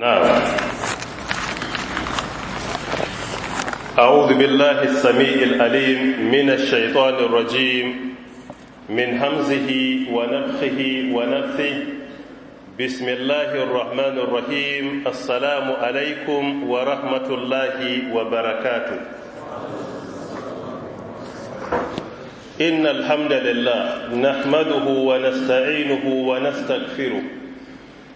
نعم أعوذ بالله السميع الأليم من الشيطان الرجيم من همزه ونفخه ونفثه بسم الله الرحمن الرحيم السلام عليكم ورحمة الله وبركاته إن الحمد لله نحمده ونستعينه ونستغفره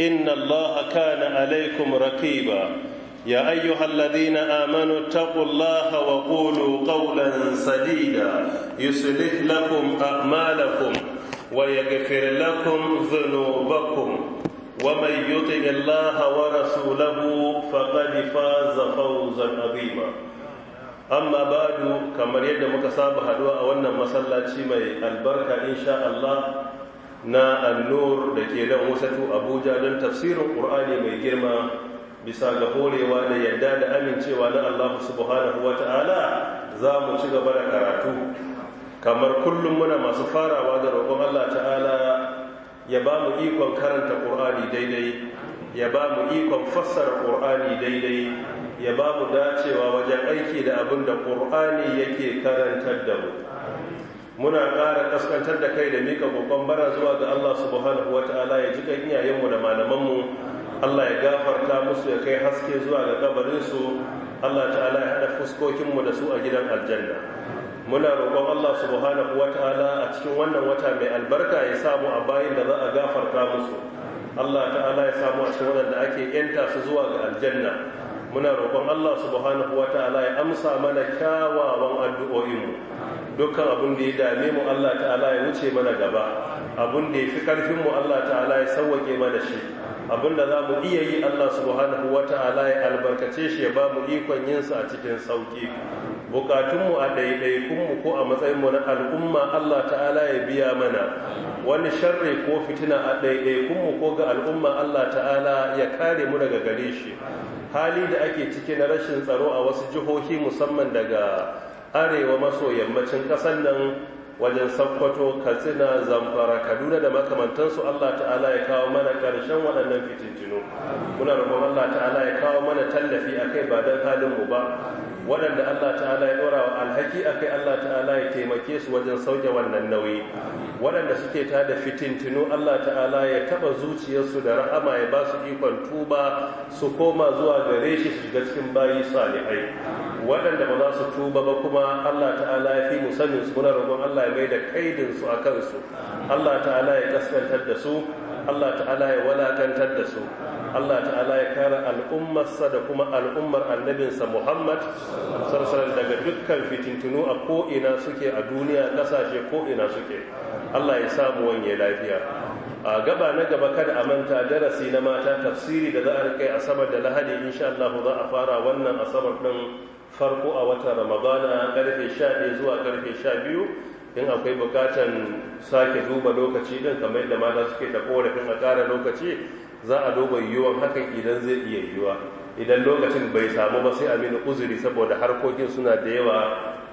إن الله كان عليكم رقيبا يا أيها الذين آمنوا اتقوا الله وقولوا قولا سديدا يصلح لكم أعمالكم ويغفر لكم ذنوبكم ومن يطع الله ورسوله فقد فاز فوزا عظيما amma badu kamar yadda muka saba haduwa a wannan masallaci mai albarka insha Allah na annur da ke nan wasatu abuja don tafsirin ƙur'ani mai girma bisa ga horewa da yadda da amincewa na allahu subhanahu wa ta'ala za mu ci gaba da karatu kamar kullum muna masu farawa da roƙon allah ta'ala ya ba mu ikon karanta ƙur'ani daidai ya ba mu ikon fassara ƙur'ani daidai ya ba mu dacewa wajen aiki da abin da ƙur'ani yake karantar da mu muna ƙara ƙasƙantar da kai da mika kokon bara zuwa ga Allah subhanahu ta'ala ya ji kan iyayenmu da malamanmu Allah ya gafarta musu ya kai haske zuwa ga kabarinsu Allah ta'ala ya haɗa fuskokinmu da su a gidan aljanna muna roƙon Allah subhanahu ta'ala a cikin wannan wata mai albarka ya samu a bayin da za a gafarta musu Allah ta'ala ya samu a cikin da ake yanta su zuwa ga aljanna muna roƙon Allah subhanahu ta'ala ya amsa mana kyawawan addu'o'inmu dukkan abin da ya dame mu Allah ta'ala ya wuce mana gaba abin da ya fi karfin mu Allah ta'ala ya sauwake mana shi abin da za mu iya yi Allah subhanahu wa ta'ala ya albarkace shi ya ba mu ikon sa a cikin sauki mu a mu ko a matsayinmu na al'umma Allah ta'ala ya biya mana wani sharri ko fitina a mu ko ga al'umma Allah ta'ala ya kare mu daga gare shi hali da ake ciki na rashin tsaro a wasu jihohi musamman daga arewa maso yammacin ƙasar nan wajen sakkwato katsina zamfara kaduna da makamantansu allah ta'ala ya kawo mana ƙarshen waɗannan fitintinu muna roƙon allah ta'ala ya kawo mana tallafi a kai ba don halinmu ba waɗanda Allah ta'ala ya ɗora wa alhaki akai Allah ta'ala ya taimake su wajen sauke wannan nauyi waɗanda suke ta da fitintinu Allah ta'ala ya taɓa zuciyarsu da rahama ya ba su ikon tuba su koma zuwa gare shi su shiga cikin bayi salihai waɗanda ba za su tuba ba kuma Allah ta'ala ya fi musamman su muna roƙon Allah ya mai da kaidin su a kansu Allah ta'ala ya kaskantar da su Allah ta'ala ya walakantar da su Allah ta'ala ya kare al'ummarsa da kuma al'ummar annabinsa Muhammad sarsarar daga dukkan fitintunu a ko ina suke a duniya ƙasashe ina suke Allah ya samu wanye lafiya a gaba na gaba kada a manta darasi na mata tafsiri da za a a asabar da lahadi insha Allah za a fara wannan asabar ɗin farko a watan ramadana ƙarfe 11 zuwa karfe 12 in akwai bukatan sake duba lokaci din kamar yadda mata suke da korafin a ƙara lokaci za a duba yiwuwan hakan idan zai iya yiwuwa idan lokacin bai samu ba sai a mini uzuri saboda harkokin suna da yawa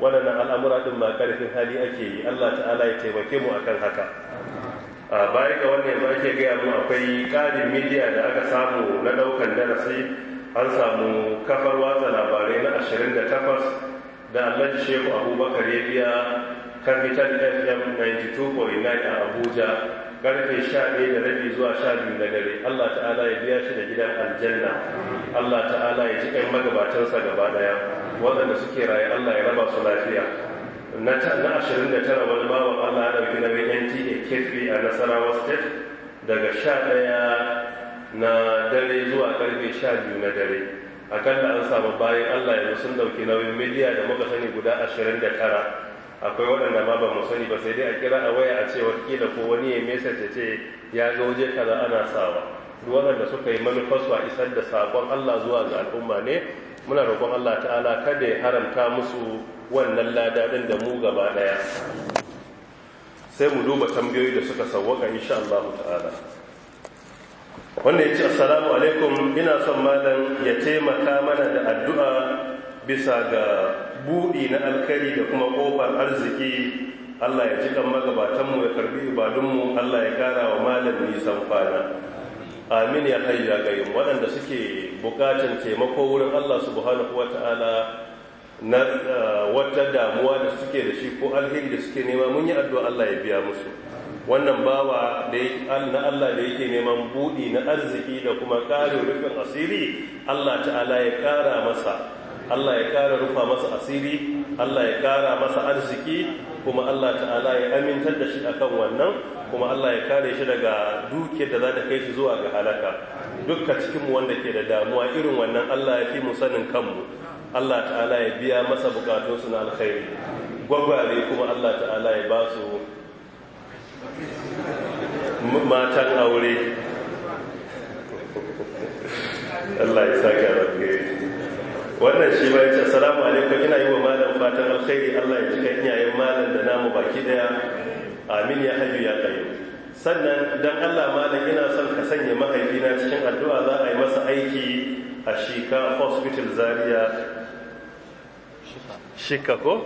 waɗannan al'amura ɗin ma ƙarfin hali ake yi allah ta'ala ya taimake mu akan haka a baya ga wannan yanzu ake gaya mu akwai ƙarin midiya da aka samu na ɗaukan darasi an samu kafar watsa labarai na ashirin da takwas, alhaji shehu abubakar ya biya capital fm 92.9 a abuja karfe sha ɗaya da rabi zuwa sha biyu na dare Allah ta'ala ya biya shi da gidan aljanna Allah ta'ala ya ji ƴan magabatansa gaba ɗaya waɗanda suke raye Allah ya raba su lafiya na ashirin da tara wani bawan Allah ya ɗauki nauyin NTA a Nasarawa State daga sha ɗaya na dare zuwa karfe sha biyu na dare akalla an samu bayan Allah yanzu sun ɗauki nauyin miliya da muka sani guda ashirin da tara akwai waɗanda ma ba mu sani ba sai dai a kira a waya a ce wakila ko wani ya mesa ta ce ya ga waje kaza ana sawa duk waɗanda suka yi manufasu a isar da saƙon Allah zuwa ga al'umma ne muna roƙon Allah ta'ala kada ya haramta musu wannan lada ɗin da mu gaba ɗaya sai mu duba tambayoyi da suka sawwaka insha Allah ta'ala wanda ya ce assalamu alaikum ina son malam ya taimaka mana da addu'a bisa ga buɗi na alkari da kuma ƙofar arziki Allah ya cikan magabatanmu ya karbi ibadunmu Allah ya kara wa malam nisan kwana amin ya hayyu ya yin waɗanda suke buƙatan taimako wurin Allah subhanahu wata'ala na eh, wata damuwa da suke da shi ko alheri da suke nema mun yi addu'a Allah ya biya musu wannan bawa na Allah da yake neman buɗi na arziki da kuma karin rufin asiri Allah ta'ala ya kara masa Allah ya kara rufa masa asiri Allah ya kara masa arziki kuma Allah ta'ala ya amintar da shi akan wannan kuma Allah ya kare shi daga duke da za ta kai shi zuwa ga halaka dukkan cikinmu wanda ke da damuwa irin wannan Allah ya fi mu sanin kanmu Allah ta'ala ya biya masa bukatunsu na alkhairi gwagware kuma Allah ta'ala ya ba su matan aure Allah ya sake wannan shi ma yace assalamu alaikum ina yi wa malam fatan alkhairi Allah ya cika iyayen malam da namu baki daya amin ya hayyu ya qayyum sannan dan Allah malam ina son ka sanya mahaifina cikin addu'a za a yi masa aiki a Shika Hospital Zaria Shika ko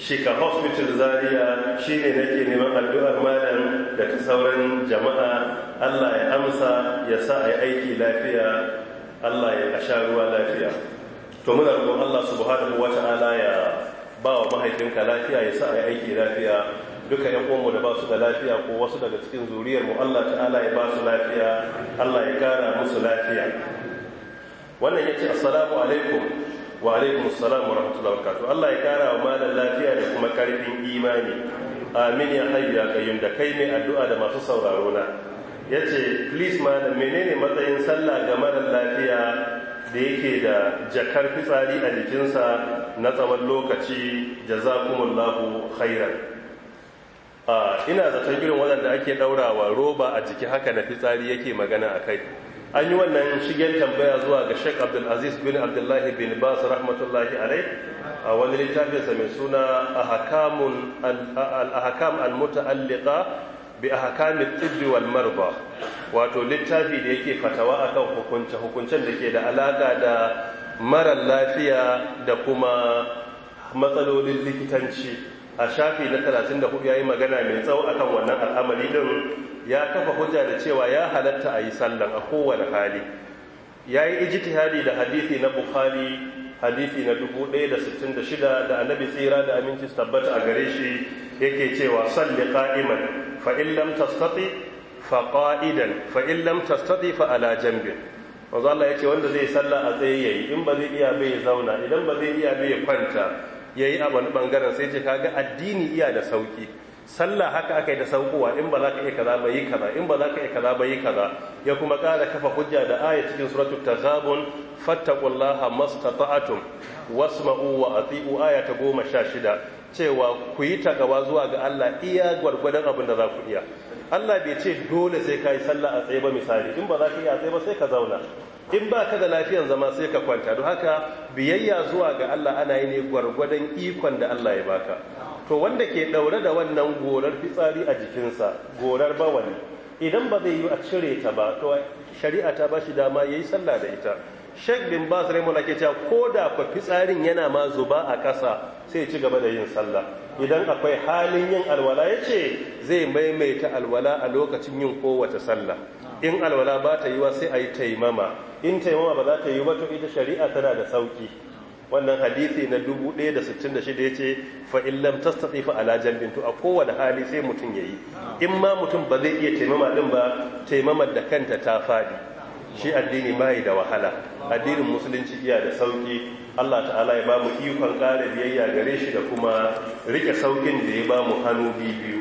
Shika Hospital Zaria shine nake neman addu'ar malam da ta sauran jama'a Allah ya amsa ya sa a aiki lafiya Allah ya sha ruwa lafiya to muna roƙon Allah subhanahu wata'ala ya ba wa mahaifinka lafiya ya sa aiki lafiya duka yan uwanmu da ba su da lafiya ko wasu daga cikin zuriyar mu Allah ta'ala ya ba su lafiya Allah ya kara musu lafiya wannan yace assalamu alaikum wa alaikum assalam wa rahmatullahi wa barakatuh Allah ya kara wa malan lafiya da kuma karfin imani amin ya hayyu ya qayyum da kai mai addu'a da masu sauraro na yace please malam menene matsayin sallah ga maran lafiya da yake da jakar fitsari a jikinsa na tsawon lokaci da za jazakumullahu khairan ina zaton irin waɗanda ake ɗaurawa roba a jiki haka na fitsari yake magana a kai an yi wannan shigen tambaya zuwa ga shek abdulaziz bin abdullahi bin bas rahmatullahi alai a wani littafinsa mai suna a hakam al-muta'alliqa bi ahkamit tibbi wal marba wato littafi da yake fatawa akan hukunce hukuncen da ke da alaƙa da marar lafiya da kuma matsalolin likitanci a shafi na 34 ya yi magana mai tsawo akan wannan al'amari din ya kafa hujja da cewa ya halatta a yi sallan a kowane hali Ya yayi ijitihari da hadisi na bukhari hadisi na 1066 da annabi tsira da aminci tabbata a gare shi yake cewa salli qa'iman fa in lam tastati fa qa'idan fa in lam tastati fa ala janbin Allah yace wanda zai salla a tsaye yayi in ba zai iya bai zauna idan ba zai iya bai kwanta yayi a wani bangaren sai ce kaga addini iya da sauki sallah haka aka yi da saukowa in ba za ka iya kaza bai yi kaza in ba za ka iya kaza bai yi kaza ya kuma ƙara kafa hujja da aya cikin suratul tazabun fattaqullaha mastata'tum wasma'u wa ati'u aya ta 16 cewa ku yi takawa zuwa ga Allah iya gwargwadon abin da za ku iya Allah bai ce dole sai ka yi sallah a tsaye ba misali in ba za ka iya tsaye ba sai ka zauna in ba ka da lafiyan zama sai ka kwanta don haka biyayya zuwa ga Allah ana yi ne gwargwadon ikon da Allah ya baka to wanda ke ɗaure da wannan gorar fitsari a jikinsa gorar bawali idan ba zai yi a cire ta ba to shari'a ta ba shi dama yi sallah da ita Sheikh bin Bas Raimullah ke cewa ko da ku fitsarin yana ma zuba a ƙasa sai ci gaba da yin sallah idan akwai halin yin alwala ya ce, zai maimaita alwala a lokacin yin kowace sallah in alwala ba ta yiwa sai a yi taimama in taimama ba za ta yi ba to ita shari'a tana da sauki wannan hadisi na 1066 yace fa in lam tastati fa ala jalbin to a kowane hali sai mutum ya yi in ma mutum ba zai iya taimama din ba taimamar da kanta ta faɗi. shi addini mai da wahala addinin musulunci iya da sauki Allah ta'ala ya ba mu ikon ƙara biyayya gare shi da kuma riƙe saukin da ya ba mu hannu biyu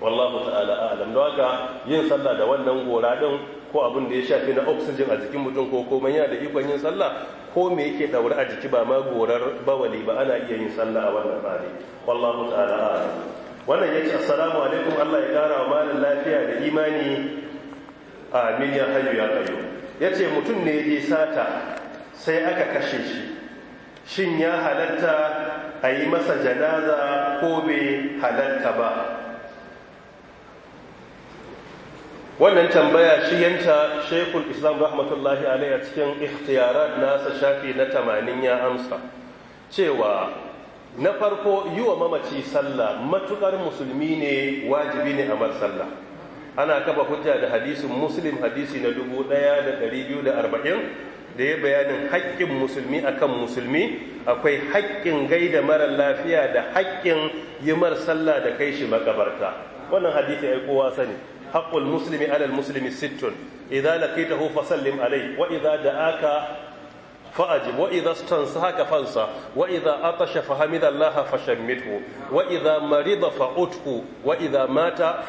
wallahu ta'ala alam don haka yin sallah da wannan gora din ko abin da ya shafi na oxygen a jikin mutum ko komai yana da ikon yin sallah ko me yake daure a jiki ba ma gorar bawali ba ana iya yin sallah a wannan tsari wallahu ta'ala alam wannan yace assalamu alaikum Allah ya kara wa malin lafiya da imani amin ya hayyu ya qayyum yace mutum ne ya sata sai aka kashe shi shin ya halatta a yi masa janaza ko bai halatta ba wannan tambaya shi yanta shekul islam rahmatullahi alaihi a cikin ikhtiyarat nasa shafi na tamanin ya amsa cewa na farko yi wa mamaci sallah matukar musulmi ne wajibi ne a mar sallah ana kafa hujja da hadisin muslim hadisi na 1240 da ya bayanin haƙƙin musulmi akan musulmi akwai haƙƙin gaida mara lafiya da haƙƙin yi mar sallah da kai shi makabarta wannan hadisi ya kowa sani haqqul muslimi ala al muslimi sittun idza laqitahu fasallim alayhi aka idza da'aka fa'ajib wa idza stansahaka fansa wa idza atasha fahamidallaha fashammithu wa idza marida fa'uthu wa idza mata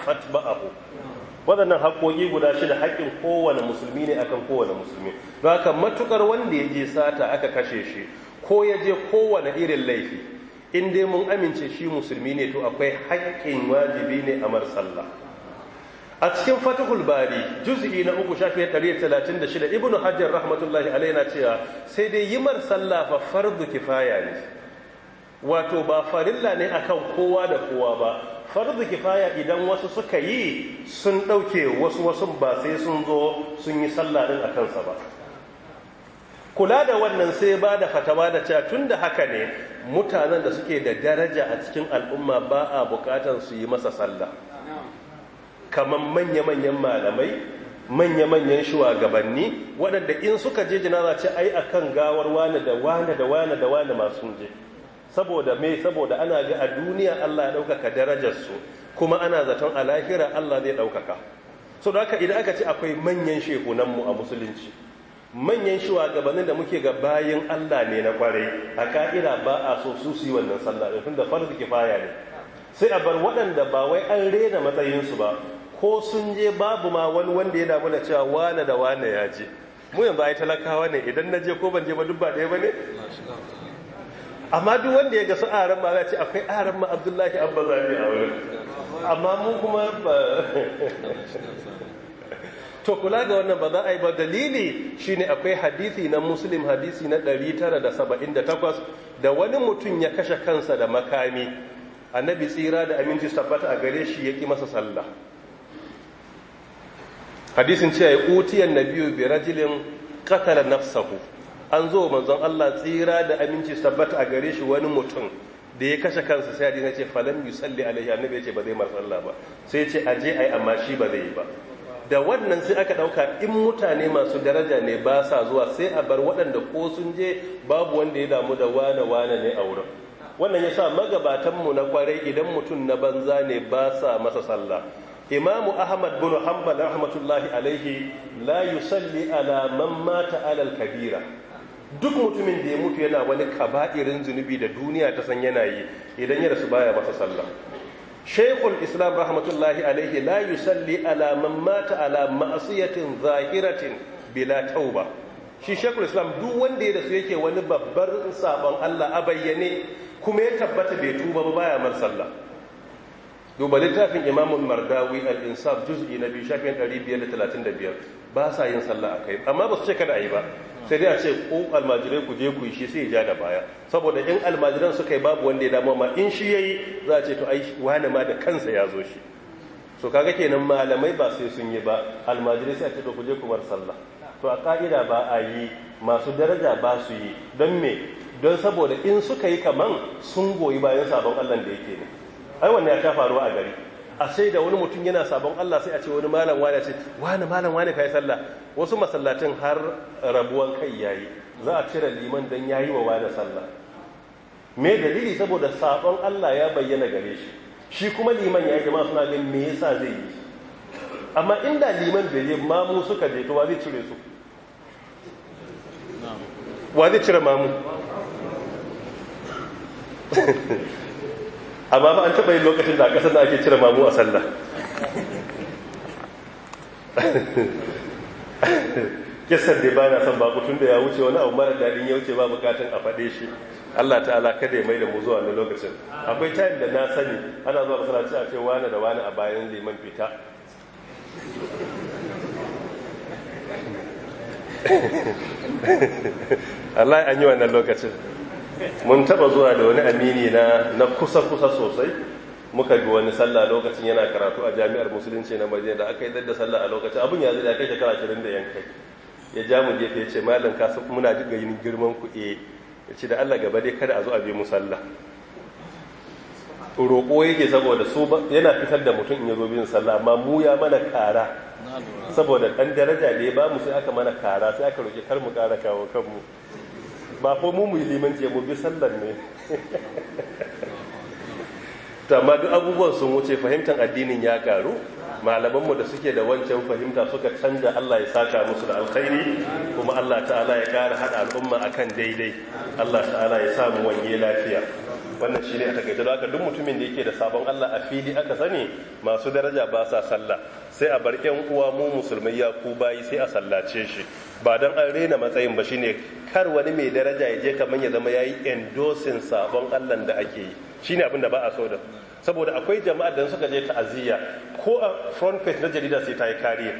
wadannan haƙoƙi guda shida haƙƙin kowane musulmi ne akan kowane musulmi don haka matukar wanda ya je sata aka kashe shi ko ya je kowane irin laifi in dai mun amince shi musulmi ne to akwai haƙƙin wajibi ne a sallah a cikin fatihul bari juz'i na uku shafi 136 ibnu hajjar rahmatullahi alaihi na cewa sai dai yimar sallah fa fardu kifaya ne wato ba farilla ne akan kowa da kowa ba fardu kifaya idan wasu suka yi sun ɗauke wasu wasu ba sai sun zo sun yi sallah din akan sa ba kula da wannan sai ba da fatawa da cewa tunda haka ne mutanen da suke da daraja a cikin al'umma ba a bukatar su yi masa sallah kamar manya-manyan malamai manya-manyan shugabanni waɗanda in suka je jinaza ce ai kan gawar wani da wani da wani da wani masu je saboda me saboda ana ga a duniya Allah ya ɗaukaka darajarsu kuma ana zaton a lahira Allah zai ɗaukaka so da haka idan aka ce akwai manyan shekunanmu a musulunci manyan shugabannin da muke ga bayan Allah ne na kwarai a ka'ira ba a so su su wannan sallah tun da farz kifaya ne sai a bar waɗanda ba wai an rena matsayinsu ba ko sun je babu ma wani wanda ya damu da cewa wane da wane ya je mu yanzu ai talakawa ne idan na je ko ban je ba duk ba ɗaya ba ne amma duk wanda ya ga su aran ma za ce akwai aran ma abdullahi abba zafi a wurin amma mu kuma ba to kula ga wannan ba za a yi ba dalili shine akwai hadisi na muslim hadisi na 978 da wani mutum ya kashe kansa da makami annabi tsira da aminci tabbata a gare shi ya ƙi masa sallah hadisin ce utiyan biyu bi rajulin qatala nafsahu an zo manzon Allah tsira da aminci sabbata a gare shi wani mutum da ya kashe kansa sai hadisi ce falam yusalli alaihi annabi ya ce ba zai mar sallah ba sai ce a je a yi amma shi ba zai yi ba da wannan sai aka dauka in mutane masu daraja ne ba sa zuwa sai a bar waɗanda ko sun je babu wanda ya damu da wane wane ne a wurin wannan ya sa magabatanmu na kwarai idan mutum na banza ne ba sa masa sallah imamu ahmad bin hanbal rahmatullahi alaihi la yusalli على من مات alal kabira duk mutumin da ya mutu yana wani kaba'irin zunubi da duniya ta san yana yi idan ya rasu baya masa sallah shaykhul islam rahmatullahi alaihi la yusalli ala man mata ala ma'siyatin zahiratin bila tauba shi shekul islam duk wanda ya rasu yake wani babbar sabon Allah a bayyane kuma ya tabbata bai tuba ba baya mar sallah duba littafin imamun mardawi al-insaf juz'i na biyu shafin 535 ba sa yin sallah a akai amma ba su ce kada a yi ba sai dai a ce ko almajirai ku je ku yi shi sai ya ja da baya saboda in almajiran suka yi babu wanda ya damu ma in shi yayi za a ce to ai wani ma da kansa ya zo shi so kaga kenan malamai ba sai sun yi ba almajirai sai a ce to ku je ku bar sallah to a ka'ida ba a yi masu daraja ba su yi don me don saboda in suka yi kaman sun goyi bayan sabon Allah da yake ne ai wannan ya ta faruwa a gari a sai da wani mutum yana sabon Allah sai a ce wani malam wani ce wani malam wani kai sallah wasu masallatin har rabuwan kai yayi za a cire liman dan yayi wa wani sallah me dalili saboda sabon Allah ya bayyana gare shi shi kuma liman yayi jama'a suna ganin me yasa zai yi amma inda liman bai yi mamu suka je to wani cire su cire mamu amma ba an taɓa yin lokacin da a ƙasar da ake cire mamu a sallah kisan da ba na son babu tun da ya wuce wani abu mara daɗin ya wuce ba bukatun a faɗe shi Allah ta'ala kada ya mai da mu zuwa na lokacin akwai tayin da na sani ana zuwa masalaci a ce wani da wani a bayan liman fita Allah an yi wannan lokacin mun taba zuwa da wani amini na kusa kusa sosai muka bi wani sallah lokacin yana karatu a jami'ar musulunci na madina da aka yi da sallah a lokacin abin ya zai kai shekara 20 da yankai ya ja mu gefe ya ce malam kasa muna jin gayin girman ku e ya ce da Allah gaba dai kada a zo a bi mu roƙo yake saboda su yana fitar da mutum in ya zo bin sallah amma mu ya mana kara saboda ɗan daraja ne ba mu sai aka mana kara sai aka roƙi kar mu kara kawo kanmu ba ko mu yi limanci mu bi sallar ne tamma duk abubuwan sun wuce fahimtar addinin ya karu malamanmu da suke da wancan fahimta suka canza Allah ya saka musu da alkhairi kuma Allah ta'ala ya kara hada al'umma akan daidai Allah ta'ala ya sa mu wanye lafiya wannan shine a takaice da duk mutumin da yake da sabon Allah a fili aka sani masu daraja ba sa sallah sai a bar yan uwa mu musulmai ya ku bayi sai a sallace shi ba don an rena matsayin ba shine kar wani mai daraja ya je kamar ya zama ya yi endorsing sabon Allah da ake yi shine abin da ba a so da saboda akwai jama'a da suka je ta'aziyya ko a front page na jarida sai ta yi kariya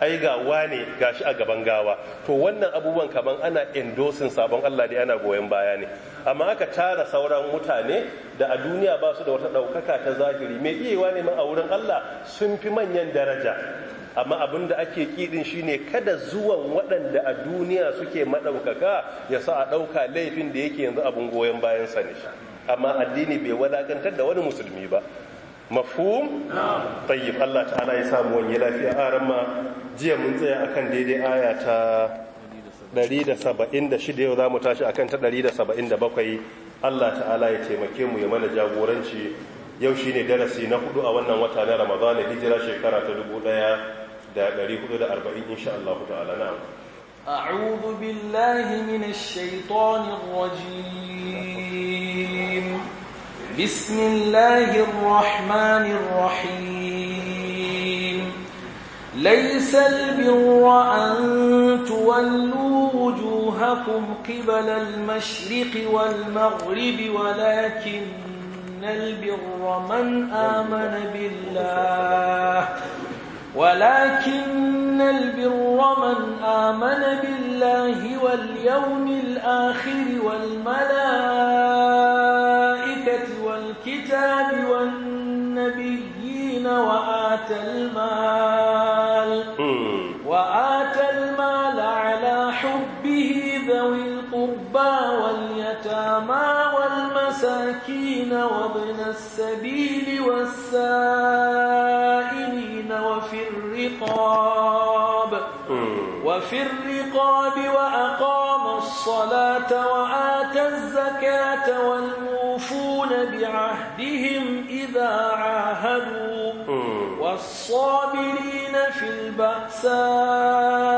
ai ga wane gashi a gaban gawa to wannan abubuwan kaman ana endorsing sabon Allah da ana goyon baya ne amma aka tara sauran mutane da a duniya ba su da wata ɗaukaka ta zahiri mai iyawa ne ma a wurin Allah sun fi manyan daraja amma abin da ake kidin shine kada zuwan waɗanda a duniya suke maɗaukaka ya sa a ɗauka laifin da yake yanzu abin goyon bayan sa ne amma addini bai wadakantar da wani musulmi ba mafhum tayyib Allah ta'ala ya samu wani lafiya aran ma jiya mun tsaya akan daidai aya ta 176 yau zamu tashi akan ta 177 Allah ta'ala ya taimake mu ya mana jagoranci yau shine darasi na hudu a wannan wata na Ramadan hijira shekara ta ɗaya. da ان شاء الله تعالى نعم أعوذ بالله من الشيطان الرجيم بسم الله الرحمن الرحيم ليس البر أن تولوا وجوهكم قبل المشرق والمغرب ولكن البر من آمن بالله ولكن البر من آمن بالله واليوم الآخر والملائكة والكتاب والنبيين وآتى المال hmm. وآتى المال على حبه ذوي القربى واليتامى والمساكين وابن السبيل والسائل الرقاب وفي الرقاب وأقام الصلاة وآت الزكاة والموفون بعهدهم إذا عاهدوا والصابرين في البأسات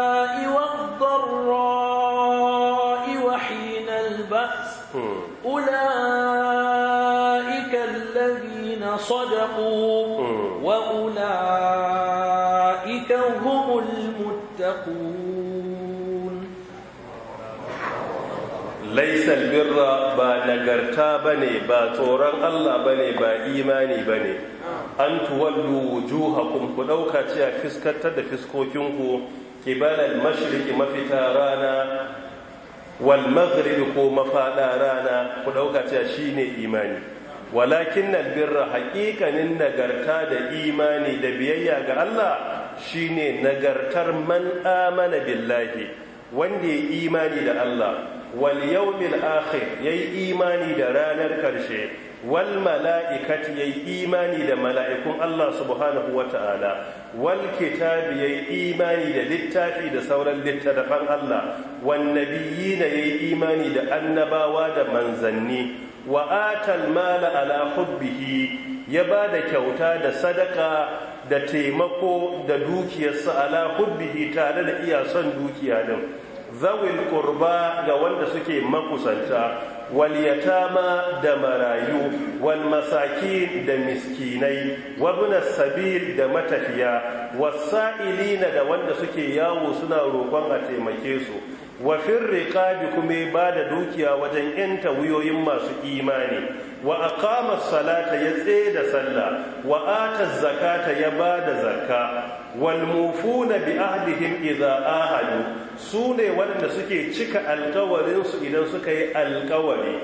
laisal birra ba nagarta bane ba tsoron Allah bane ba imani bane an tuwallu wujuhakum ku dauka cewa fiskantar da fiskokinku kibalal mashriqi mafita rana wal maghribi ko mafada rana ku dauka cewa shine imani walakin birra haqiqanin nagarta da imani da biyayya ga Allah shine nagartar man amana billahi wanda ya imani da Allah wal yawmil akhir yayi imani da ranar karshe wal mala'ikati yayi imani da mala'ikun Allah subhanahu wata'ala wal kitabi yayi imani da littafi da sauran littafan Allah wan nabiyina yayi imani da annabawa da manzanni wa atal mala ala hubbihi ya ba da kyauta da sadaka da taimako da dukiyarsa ala hubbihi tare da iya son dukiya din zawil qurba ga wanda suke makusanta wal yatama da marayu wal masakin da miskinai wa sabil da matafiya was da wanda suke yawo suna roƙon a taimake su wa rikabi kuma ba da dukiya wajen yanta wuyoyin masu imani wa aqama salata ya tsaye da sallah wa ata zakata ya ba da zakka wal mufuna bi ahdihim idza ahadu ne waɗanda suke cika alkawarin su idan suka yi alkawari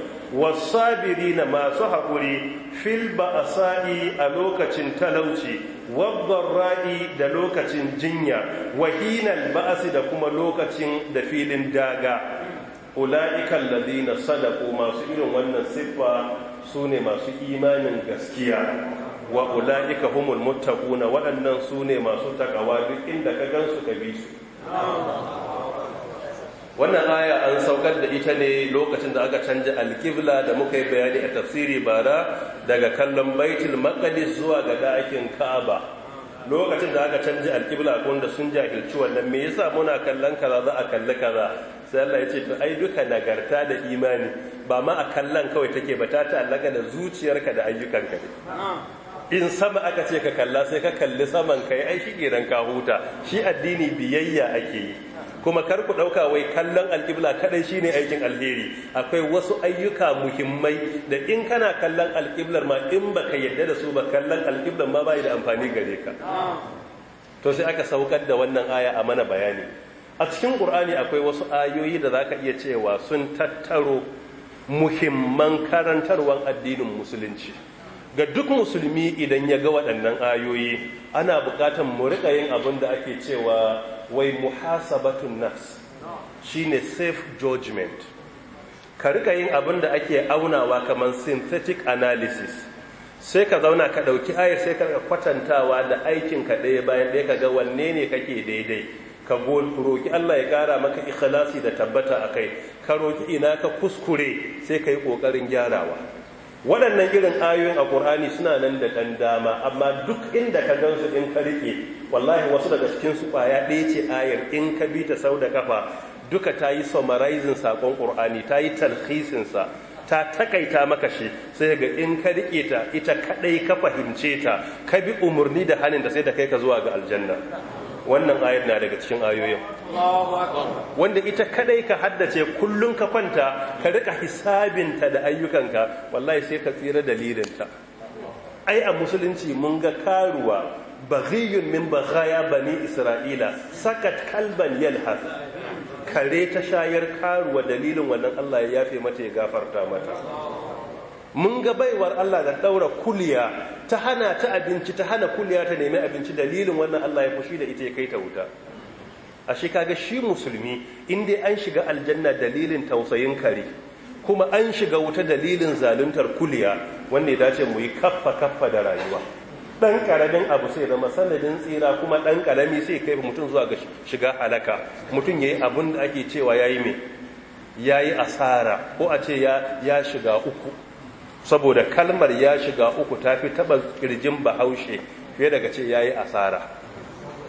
sabirina masu haƙuri fil ba'sa'i a lokacin talauci raɗi da lokacin jinya wahinan ba'asi da kuma lokacin da filin daga ula'ikan ladina sadaku masu irin wannan siffa su ne masu imanin gaskiya wa ula'ika humul muttaquna waɗannan sune masu takawa duk inda ka gansu ka bi su wannan aya an saukar da ita ne lokacin da aka canja alkibla da muka yi bayani a tafsiri bara daga kallon baitul maqdis zuwa ga dakin ka'aba lokacin da aka canja alkibla ko da sun jahilci wannan me yasa muna kallon kaza za a kalli kaza sai Allah ya ce to ai duka nagarta da imani ba ma a kallon kawai take ba ta ta'allaka da zuciyarka da ayyukanka ne in sama aka ce ka kalla sai ka kalli saman kai ai shi gidan ka huta shi addini biyayya ake yi kuma kar ku ɗauka wai kallon alƙibla kaɗai shine aikin alheri akwai wasu ayyuka muhimmai da in kana kallon alƙiblar ma in baka yadda da su ba kallon alƙiblar ma bai da amfani gare ka to sai aka saukar da wannan aya a mana bayani a cikin ƙur'ani akwai wasu ayoyi da zaka iya cewa sun tattaro muhimman karantarwan addinin musulunci ga duk musulmi idan ya ga waɗannan ayoyi ana buƙatar mu riƙa yin abin da ake cewa wai muhasabatun nafs shine safe judgment ka rika yin abin da ake aunawa kamar synthetic analysis sai ka zauna ka ɗauki ayar sai ka kwatantawa da aikin ka ɗaya bayan ɗaya kaga ga wanne ne kake daidai ka roki Allah ya ƙara maka ikhlasi da tabbata a kai ka roki ina ka kuskure sai ka yi ƙoƙarin gyarawa waɗannan irin ayoyin a ƙur'ani suna nan da ɗan dama amma duk inda ka gansu in ka riƙe wallahi wasu daga cikin su kwaya ɗaya ce ayar in ka bi ta sau da kafa duka ta yi summarizing sakon ƙur'ani ta yi talhisinsa ta takaita maka shi sai ga in ka riƙe ta ita kaɗai ka fahimce ta ka bi umarni da hannun da sai da kai ka zuwa ga aljanna wannan ayar na daga cikin ayoyin wanda ita kadai ka haddace kullum ka kwanta ka rika hisabinta da ayyukanka wallahi sai ka tsira dalilinta ai a musulunci mun ga karuwa bagiyun min bagaya bani isra'ila sakat kalban yalhas kare ta shayar karuwa dalilin wannan Allah ya yafe mata ya gafarta mata mun ga baiwar Allah da daura kulya ta hana ta abinci ta hana kulya ta nemi abinci dalilin wannan Allah ya fushi da ita ya kai ta wuta ashe kaga shi musulmi in dai an shiga aljanna dalilin tausayin kare kuma an shiga wuta dalilin zaluntar kulya, wanda ya dace mu yi kaffa kaffa da rayuwa dan karamin abu sai zama sanadin tsira kuma dan karami sai kai mutum zuwa ga shiga halaka mutum yayi abun da ake cewa yayi me yayi asara ko a ce ya ya shiga uku saboda kalmar ya shiga uku tafi taba kirjin bahaushe fiye daga ce yayi asara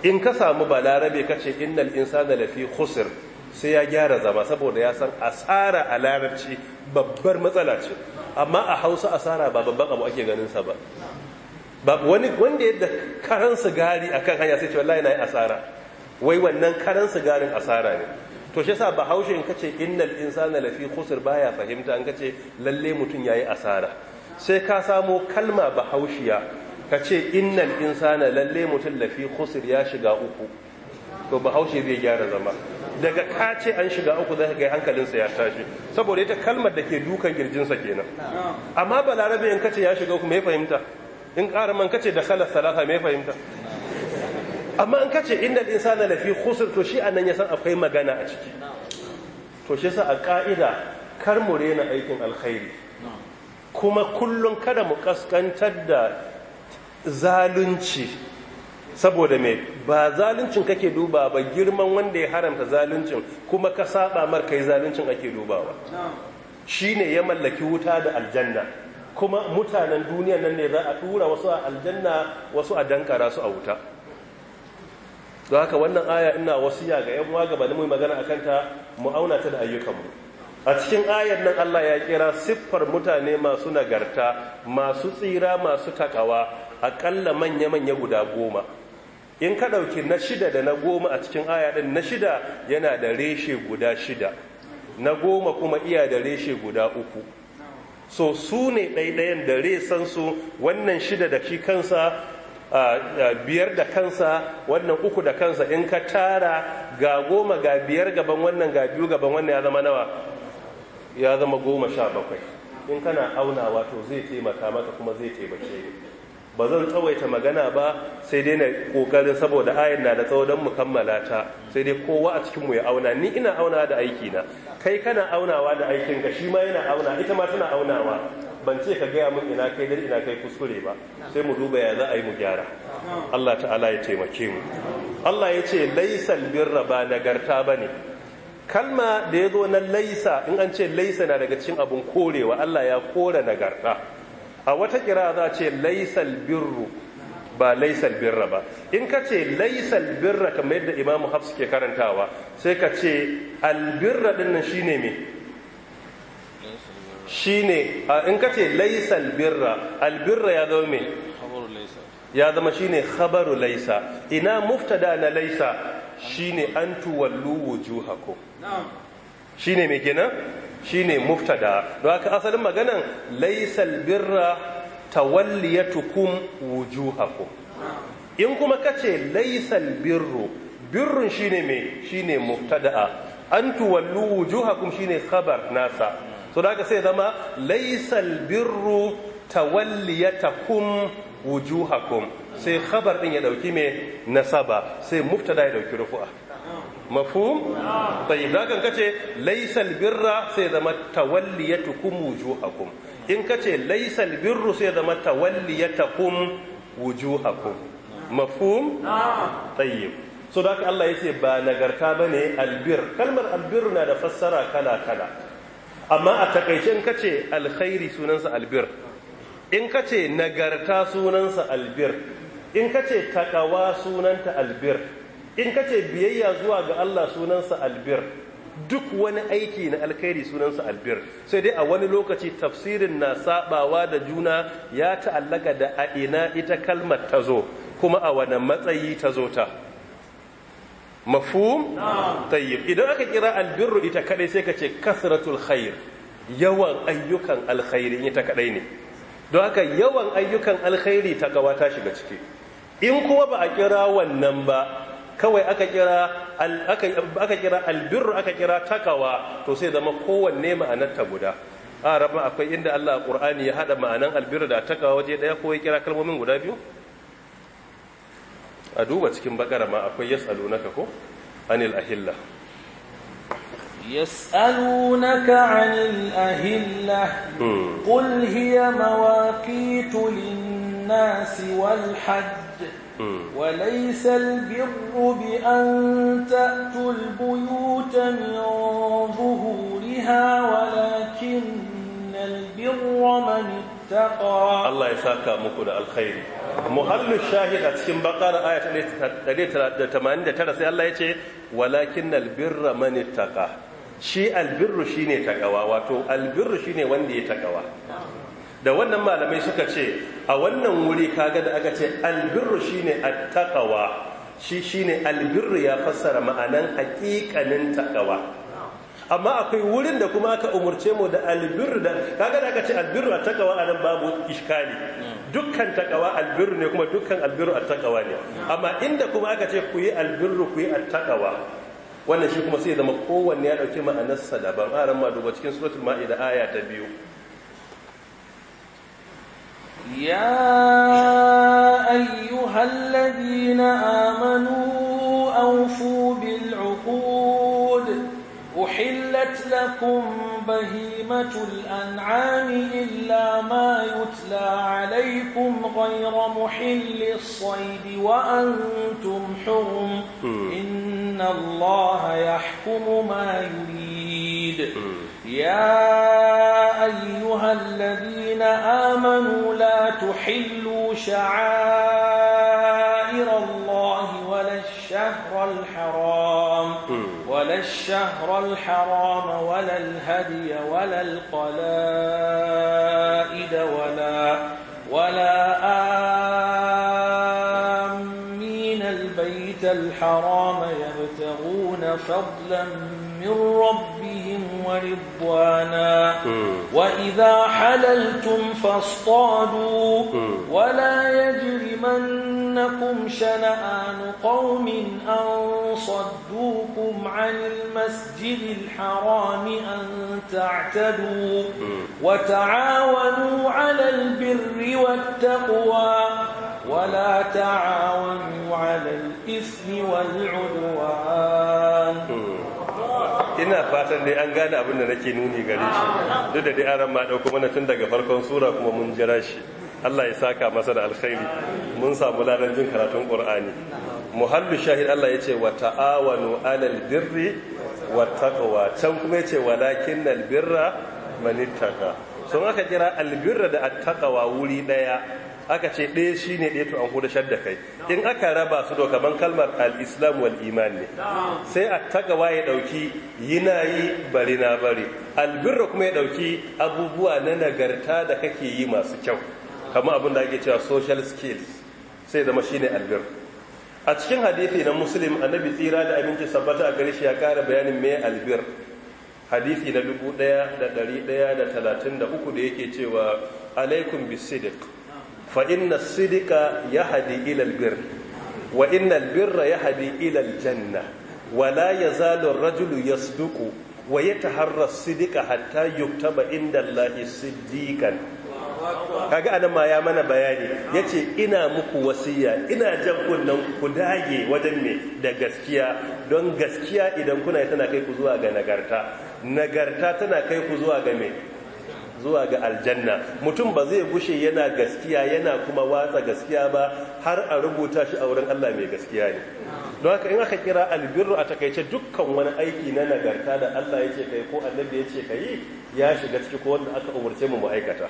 in ka samu balarabe kace innal insana lafi khusr sai ya gyara zama saboda ya san asara a larabci babbar matsala ce amma a hausa asara ba babban abu ake ganin sa ba babu wani wanda yadda karan sigari kan hanya sai ce wallahi na yi asara wai wannan karan sigarin asara ne to shi yasa bahaushe in kace innal insana lafi khusr baya fahimta in kace lalle mutun yayi asara sai ka samo kalma bahaushiya kace innal insana lalle mutun lafi khusr ya shiga uku to bahaushe zai gyara zama daga ka ce an shiga uku zai ga sa ya tashi saboda ita kalmar da ke dukan girjinsa kenan amma balarabe in kace ya shiga uku me fahimta in ƙara man kace da khala salasa me fahimta amma in kace innal insana lafi khusr to shi anan ya san akwai magana a ciki to shi yasa a ka'ida kar mu rena aikin alkhairi kuma kullun kada mu kaskantar da zalunci saboda me ba zaluncin kake duba ba girman wanda ya haramta zaluncin kuma ka saba mar kai zaluncin ake dubawa shine ya mallaki wuta da aljanna kuma mutanen duniyan nan ne za a tura wasu a aljanna wasu a dankara su a wuta don haka wannan aya ina wasu ya ga yan uwa gabanin mu magana akan ta mu auna ta da ayyukanmu a cikin ayar nan Allah ya kira siffar mutane masu nagarta masu tsira masu takawa aƙalla manya-manya guda goma in ka ɗauki na shida da na goma a cikin aya ɗin na shida yana da reshe guda shida na goma kuma iya da reshe guda uku so su ne ɗaiɗayan da resan su wannan shida da shi kansa biyar da kansa wannan uku da kansa in ka tara ga goma ga biyar gaban wannan ga biyu gaban wannan ya zama nawa ya zama goma sha bakwai in kana aunawa to zai taimaka maka kuma zai taimake ni ba zan tsawaita magana ba sai dai na kokarin saboda ayin na da tsawo don mu kammala ta sai dai kowa a cikin mu ya auna ni ina auna da aiki na kai kana aunawa da aikin ka shi ma yana auna ita ma tana aunawa ban ce ka gaya min ina kai dan ina kai kuskure ba sai mu duba ya za a yi mu gyara Allah ta'ala ya taimake mu Allah ya ce laisal birra ba nagarta bane kalma da ya zo na laisa in an ce laisa na daga cikin abun korewa Allah ya kore nagarta a wata kira za ce laisal birru ba laisal birra ba in ka ce laisal birra kamar yadda imamu hafsu ke karantawa sai ka ce albirra dinnan shine me ne in ka ce laisal birra albirra ya zama me ya zama shi ne khabaru laisa ina muftada na laisa Shi ne an tuwallu Shi ne mai gina? shine muftada don haka asalin maganan laisal birra tawalliyatukum wujuhakum in kuma kace laisal birru birrun shine me shine mubtada'a an tuwallu wujuhakum shine khabar nasa so da sai zama laisal birru tawalliyatukum wujuhakum sai khabar din ya dauki me nasaba sai muftada ya dauki rufu'a mafhum tayyib zakan kace laysal birra sai zama tawalliyatukum wujuhakum in kace laysal birru sai zama tawalliyatakum wujuhakum mafhum tayyib so da Allah yace ba nagarta bane albir kalmar albir na da fassara kala kala amma a takaice in kace alkhairi sunansa albir in kace nagarta sunansa albir in kace takawa sunanta albir in ka ce biyayya zuwa ga Allah sunansa albir duk wani aiki na alkhairi sunansa albir sai dai a wani lokaci tafsirin na sabawa da juna ya ta'allaka da a ina ita kalmar ta zo kuma a wani matsayi ta zo ta mafhum tayyib idan aka kira albirru ita kadai sai ka ce kasratul khair yawan ayyukan alkhairi ita kadai ne don haka yawan ayyukan alkhairi ta gawa ta shiga ciki in kuma ba a kira wannan ba kawai aka kira albirru aka kira takawa to sai zama kowanne ma'anar ta guda a rama akwai inda Allah ƙurani ya haɗa ma'anan albirru da takawa waje daya ko ya kira kalmomin guda biyu a duba cikin bakara ma akwai yas'alunaka ko anil ahilla يسألونك عن الأهلة قل هي مواقيت للناس والحج Mm. وليس البر بأن تأتوا البيوت من ظهورها ولكن البر من اتقى الله يساك مكود الخير muhallin shahid a cikin bakara aya ta sai Allah ya ce walakin albirra man ittaqa shi albirru shine takawa wato albirru shine wanda ya taƙawa. da wannan malamai suka ce a wannan wuri kaga da aka ce albirru shine attaqawa shi shine albirru ya fassara ma'anan haƙiƙanin taqwa amma akwai wurin da kuma aka umurce mu da albirru da kaga da aka ce albirru a anan babu iskali dukkan taqwa albirru ne kuma dukkan albirru attaqawa ne amma inda kuma aka ce ku yi albirru ku yi attaqawa wannan shi kuma sai zama kowanne ya dauki ma'anarsa daban aran ma duba cikin suratul ma'ida aya ta biyu يا أيها الذين آمنوا أوفوا بالعقود أحلت لكم بهيمة الأنعام إلا ما يتلى عليكم غير محل الصيد وأنتم حرم إن الله يحكم ما يريد يا أيها الذين آمنوا لا تحلوا شعائر الله ولا الشهر الحرام ولا الشهر الحرام ولا الهدي ولا القلائد ولا ولا آمين البيت الحرام يبتغون فضلا من ربهم ورضوانا وإذا حللتم فاصطادوا ولا يجرمنكم شنآن قوم أن صدوكم عن المسجد الحرام أن تعتدوا وتعاونوا على البر والتقوى ولا تعاونوا على الإثم والعدوان ina fatan dai an gane abin da nake nuni gare shi duk da dai aran ma kuma mana tun daga farkon sura kuma mun jira shi Allah ya saka masa da alkhairi mun samu ladan jin karatun Qur'ani muhallu shahid Allah yace wa ta'awanu 'alal birri wat taqwa can kuma yace walakinnal birra manittaka sun aka kira albirra da taqwa wuri daya aka ce ɗaya shi ne ɗaya to an shar da kai in aka raba su doka ban kalmar al-islam wal iman ne sai a tagawa ya ɗauki yina yi bari na bari albirra kuma ya ɗauki abubuwa na nagarta da kake yi masu kyau kamar abin da ake cewa social skills sai zama shi ne albir a cikin hadithi na muslim annabi tsira da aminci sabbata a gari shi ya ƙara bayanin me albir hadithi na 1133 da yake cewa alaikum bisidik fa inna sidika hadi ilal birra, wa inna albirra yahdi ilal janna, wa la ya ar-rajulu yasduqu wa ya harra sidika hatta ba inda Allah sidikan. kaga anan ma ya mana bayani Ya ce ina muku wasiya ina jan kunnan ku dage wajen me da gaskiya don gaskiya idan kuna tana kai ku zuwa ga nagarta nagarta tana kai ku zuwa ga me zuwa ga aljanna mutum ba zai gushe yana gaskiya yana kuma watsa gaskiya ba har a rubuta shi a wurin Allah mai gaskiya ne don haka in aka kira albirru a takaice dukkan wani aiki na nagarta da Allah yake kai ko annabi yace kai ya shiga ciki ko wanda aka umurce mu ma'aikata. aikata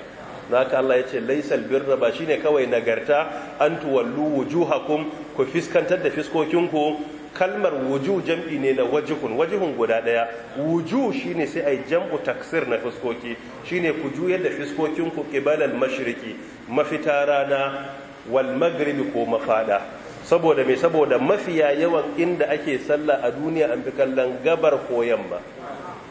haka Allah ya ce laisal birra ba shine kawai nagarta an tuwallu wujuhakum ku fiskantar da fiskokinku kalmar wuju jam'i ne na wajihun wajihun guda daya wuju shine sai ai jam'u taksir na fuskoki shine ku juyar da fuskokin ku kibalal mashriqi mafita rana wal maghribi ko mafada saboda mai saboda mafiya yawan inda ake sallah a duniya an fi kallon gabar ko yamma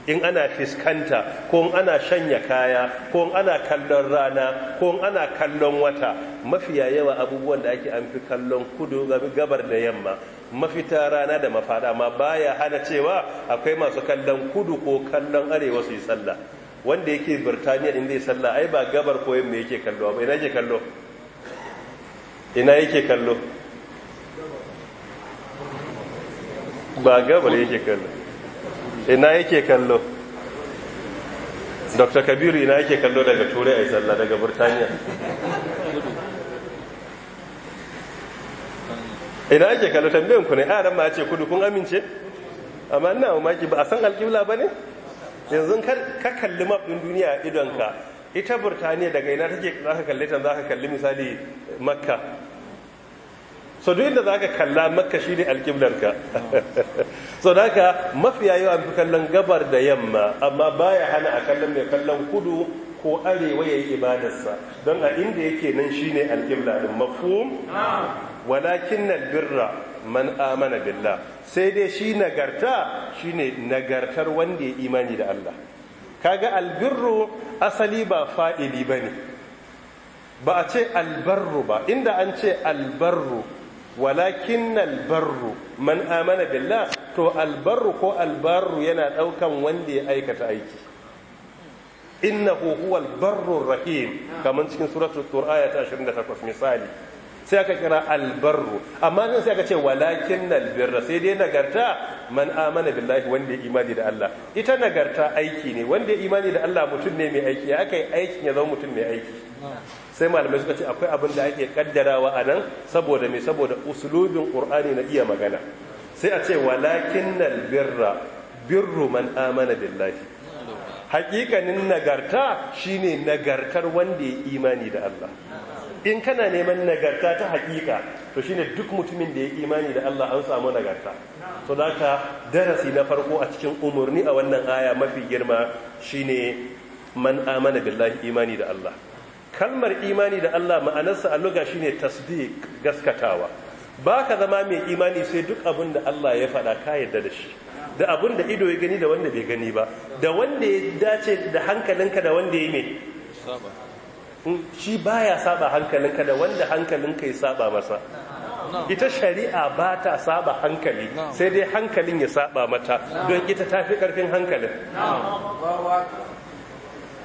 in ana fiskanta ko in ana shanya kaya ko ana kallon rana ko ana kallon wata mafiya yawa abubuwan da ake an fi kallon kudu gabar da yamma mafita rana da mafada ma baya hana cewa akwai masu kallon kudu ko kallon arewa su yi sallah wanda yake birtaniya inda yi sallah ai ba gabar ko yamma yake kallo ba ina yake kallo ina yake kallo ba gabar yake kallo ina yake kallo dr kabiru ina yake kallo daga turai a yi sallah daga birtaniya ina ake kalli tambayan ku ne a ma ce kudu kun amince amma ina mamaki ba a san alƙibla ba ne yanzu ka kalli map ɗin duniya a idonka ita burtaniya daga ina take za ka kalli ta za ka kalli misali makka so duk inda za ka kalla makka shi ne alƙiblarka so da haka mafiya an fi kallon gabar da yamma amma baya hana a kallon mai kallon kudu ko arewa ya yi ibadarsa don a inda yake nan shi ne alƙibla ɗin walakin birra man amana billah sai dai shi nagarta shine nagartar wanda ya imani da Allah kaga albirru asali ba fa'ili bane ba a ce albarru ba inda an ce albarru walakin albarru man amana billah to albarru ko albarru yana daukan wanda ya aikata aiki innahu huwal barrur rahim kamar cikin suratul qur'aya ta 28 misali sai aka kira albarru amma nan sai aka ce walakin nalbirra sai dai nagarta man amana billahi wanda ya imani da Allah ita nagarta aiki ne wanda ya imani da Allah mutum ne mai aiki ya aka yi ya zama mutum mai aiki sai malamai suka ce akwai abin da ake kaddarawa a nan saboda mai saboda usulubin qur'ani na iya magana sai a ce walakin nalbirra birru man amana billahi hakikanin nagarta shine nagartar wanda ya imani da Allah in kana neman nagarta ta hakika to shine duk mutumin da ya imani da Allah an samu nagarta so zaka darasi na farko a cikin umurni a wannan aya mafi girma shine man amana billahi imani da Allah kalmar imani da Allah ma'anarsa a lugha shine tasdiq gaskatawa baka zama mai imani sai duk abin da Allah ya faɗa ka yarda da shi da abin da ido ya gani da wanda bai gani ba da wanda ya dace da hankalinka da wanda ya mai shi baya saba hankalinka da wanda hankalinka ya saba masa ita shari'a ba ta saba hankali sai dai hankalin ya saba mata don ita ta fi ƙarfin hankalin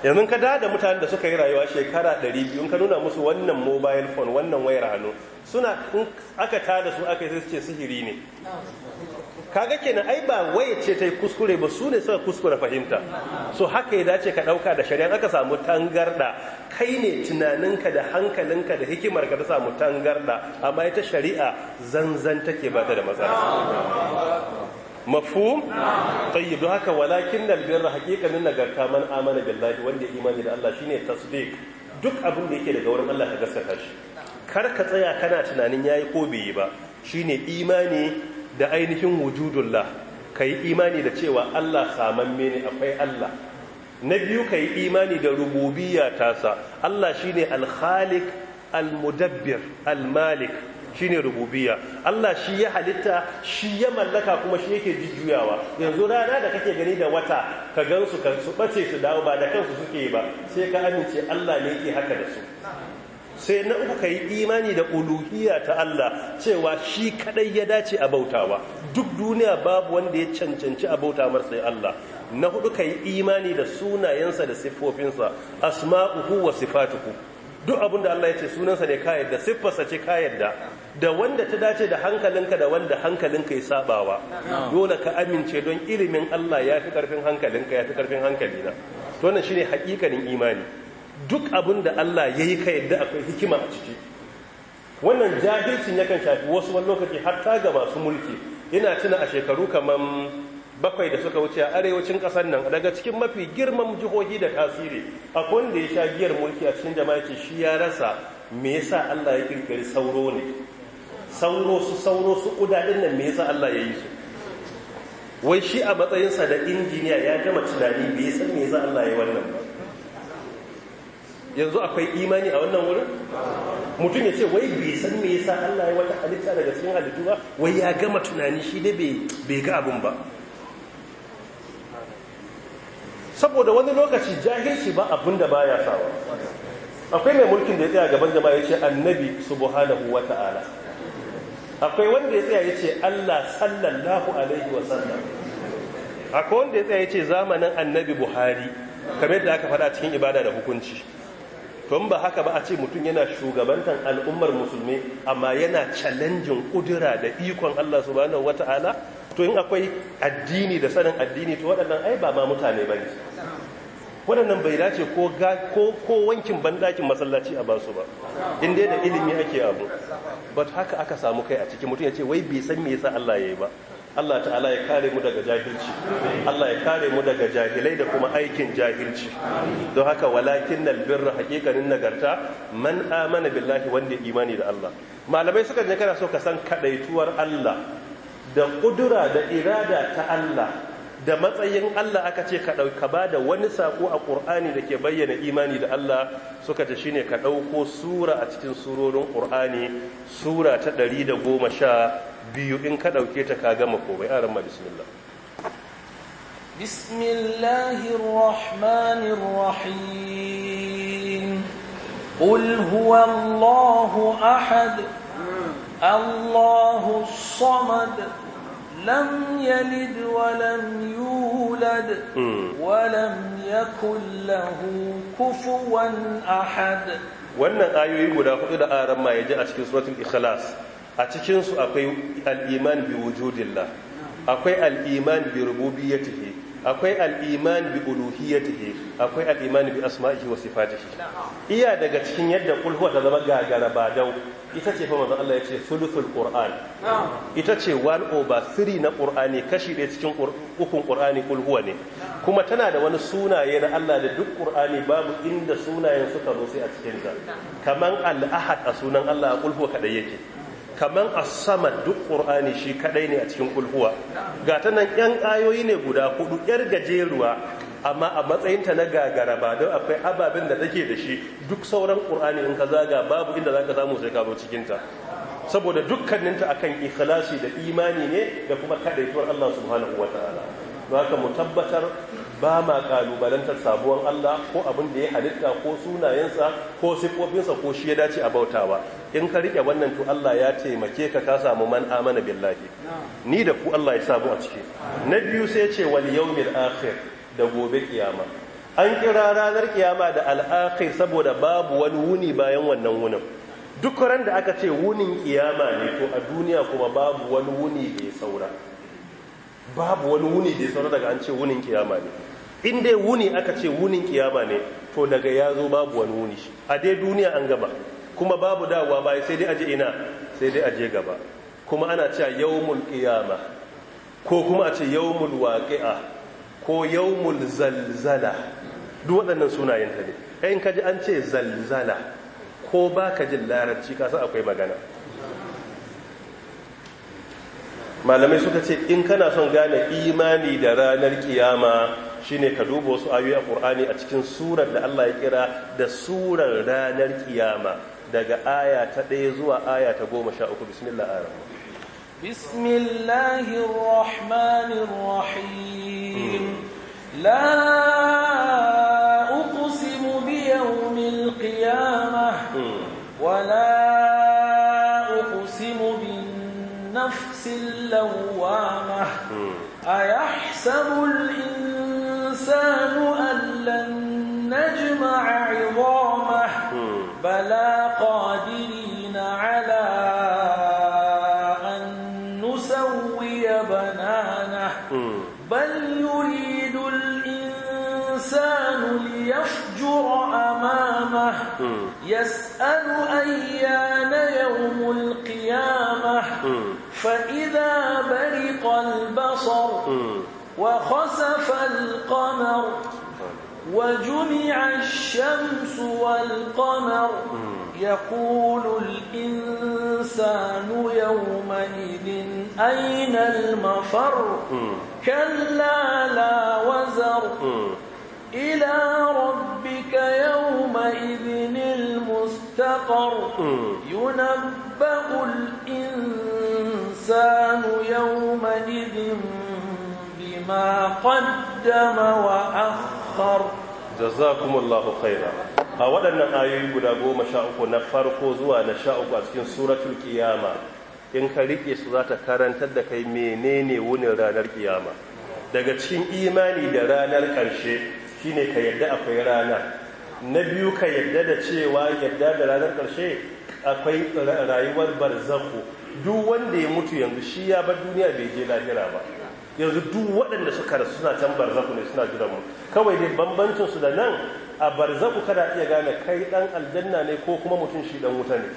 yanzu ka da mutane da suka yi rayuwa shekara 200 ka nuna musu wannan mobile phone wannan wayar hannu suna aka tada su aka yi sai suke sihiri ne kaga kenan ai ba waye ce ta yi kuskure ba su ne suka kuskure fahimta so haka ya dace ka ɗauka da shari'a aka samu tangarda kai ne tunaninka da hankalinka da hikimar ka ta samu tangarda amma ita shari'a zanzan take ba ta da matsala mafhum tayyib haka walakin da birra haqiqatan nagarta man amana billahi wanda imani da Allah shine tasdiq duk abin da yake daga wurin Allah ka gaskata shi kar ka tsaya kana tunanin yayi ko bai yi ba shine imani da ainihin wujudullah ka yi imani da cewa Allah samamme ne akwai Allah na biyu ka yi imani da rububiyya tasa Allah shine al-khaliq al-mudabbir al-malik shine rububiyya Allah shi ya halitta shi ya mallaka kuma shi yake jujjuyawa yanzu rana da kake gani da wata ka gansu ka su bace su dawo ba da kansu suke ba sai ka amince Allah ne yake haka da su sai na uku ka yi imani da uluhiya ta Allah cewa shi kadai ya dace a bautawa duk duniya babu wanda ya cancanci a bauta marsa ya Allah na hudu ka yi imani da sunayensa da siffofinsa asma'uhu wa sifatuhu duk abinda Allah ya ce sunansa ne ka yadda siffarsa ce ka yadda da wanda ta dace da hankalinka da wanda hankalinka ya sabawa dole ka amince don ilimin Allah ya fi karfin hankalinka ya fi karfin hankalina to wannan shine hakikanin imani duk abin da Allah ya yi ka yadda akwai hikima a ciki wannan jahilcin yakan shafi wasu wani lokaci hatta ga masu mulki ina tuna a shekaru kamar bakwai da suka wuce a arewacin ƙasar nan daga cikin mafi girman jihohi da tasiri akwai wanda ya sha giyar mulki a cikin jama'a ce shi ya rasa me yasa Allah ya kirkiri sauro ne sauro su sauro su ƙuda nan me yasa Allah ya yi su wai shi a matsayinsa da injiniya ya gama tunani bai san me yasa Allah ya yi wannan ba yanzu akwai imani a wannan wurin mutum ya ce wai bai san me yasa Allah ya wata halitta daga cikin halittu ba wai ya gama tunani shi dai bai ga abin ba saboda wani lokaci jahilci ba abin da baya sawa akwai mai mulkin da ya tsaya gaban jama'a ya ce annabi subhanahu wa ta'ala akwai wanda ya tsaya ya ce Allah sallallahu alaihi wa sallam akwai wanda ya tsaya ya ce zamanin annabi Buhari kamar yadda aka faɗa cikin ibada da hukunci don ba haka ba a ce mutum yana shugabantan al'ummar musulmi amma yana challenge kudura da ikon Allah subhanahu wata'ala to in akwai addini da sanin addini to waɗannan ai ba ma mutane ba ne waɗannan bai dace ko ko wankin bandakin masallaci a basu ba in dai da ilimi ake abu but haka aka samu kai a cikin mutum ya ce wai bai san me yasa Allah ya yi ba Allah ta'ala ya kare mu daga jahilci Allah ya kare mu daga jahilai da kuma aikin jahilci don haka walakin nal birra hakikanin nagarta man amana billahi wanda imani da Allah malamai suka je kana so ka san kadaituwar Allah da kudura da irada ta Allah da matsayin Allah aka ce ka dauka ba da wani sako a Qur'ani da ke bayyana imani da Allah suka ce shine ka dauko sura a cikin surorin Qur'ani sura ta 110 biyu in ka ɗauke ta ka gama komai a ramma bismillah bismillahir rahmanir rahim qul huwallahu ahad allahu samad wa lam yulad hmm. wa lam yakul lahu kufuwan ahad wannan ayoyi guda hudu da aran ma yaji a cikin suratul ikhlas a cikinsu akwai al'iman bi wujudillah akwai al'iman bi rububiyyatihi akwai al'iman bi uluhiyyatihi akwai al'iman bi asma'ihi wa sifatihi iya daga cikin yadda kulhuwa ta zama gagara ba dau ita ce fa manzo Allah ya ce thuluthul qur'an ita ce one over three na qur'ani kashi ɗaya cikin ukun qur'ani kulhuwa ne kuma tana da wani sunaye na Allah da duk qur'ani babu inda sunayen suka zo sai a cikin ta kaman al-ahad a sunan Allah kulhuwa kadai yake kamar a duk ƙur'ani shi kadai ne a cikin kulhuwa ga ta nan yan ayoyi ne guda hudu yar gajeruwa amma a matsayinta na gagara ba don akwai ababen da take da shi duk sauran ƙur'ani in ka zaga babu inda za ka samu sai ka zo cikinta saboda dukkaninta a kan ikhlasi da imani ne da kuma tuwar Allah subhanahu wataala don mu tabbatar ba ma kalubalantar sabuwan Allah ko abin da ya halitta ko sunayensa ko siffofinsa ko shi ya dace a bautawa in ka rike wannan to Allah ya taimake ka ka samu man amana billahi ni da ku Allah ya sabu a ciki na biyu sai ce wal yawmil akhir da gobe kiyama an kira ranar kiyama da akhir saboda babu wani wuni bayan wannan wunin duk ran da aka ce wunin kiyama ne to a duniya kuma babu wani wuni da ya saura babu wani wuni da ya saura daga an ce wunin kiyama ne in dai wuni aka ce wunin kiyama ne to daga ya zo babu wani wuni a dai duniya an gaba kuma babu dawowa baya sai dai aje ina sai dai aje gaba kuma ana cewa yawmul kiyama ko kuma a ce yawmul waqi'a ko yawmul zalzala duk waɗannan sunayen ta ne in ka ji an ce zalzala ko ba ka jin larabci ka san akwai magana malamai suka ce in kana son gane imani da ranar kiyama shine ka duba wasu ayoyi a Qur'ani a cikin surar da Allah ya kira da surar ranar kiyama daga aya ta 1 zuwa aya ta 13 bismillah ar-rahman bismillahir rahmanir rahim la uqsimu bi yawmil qiyamah hmm. wa la uqsimu bin nafsil lawwamah hmm. ayahsabu al الإنسان أن لن نجمع عظامه بلى قادرين على أن نسوي بنانه بل يريد الإنسان ليفجر أمامه يسأل أيان يوم القيامة فإذا برق البصر وخسف القمر وجمع الشمس والقمر يقول الإنسان يومئذ أين المفر كلا لا وزر إلى ربك يومئذ المستقر ينبأ الإنسان يومئذ ما قدم وأخر a waɗannan ayoyi guda goma sha uku na farko zuwa na sha uku a cikin suratul kiyama in ka riƙe su za ta karantar da kai menene wunin ranar kiyama daga cikin imani da ranar ƙarshe shine ka yadda akwai rana na biyu ka yadda da cewa yadda da ranar ƙarshe akwai rayuwar barzaku duk wanda ya mutu yanzu shi ya bar duniya bai je lahira ba yanzu duk waɗanda suka rasu suna can barzaku ne suna jiran mu kawai dai bambancin su da nan a barzaku kana iya gane kai dan aljanna ne ko kuma mutum shi dan wuta ne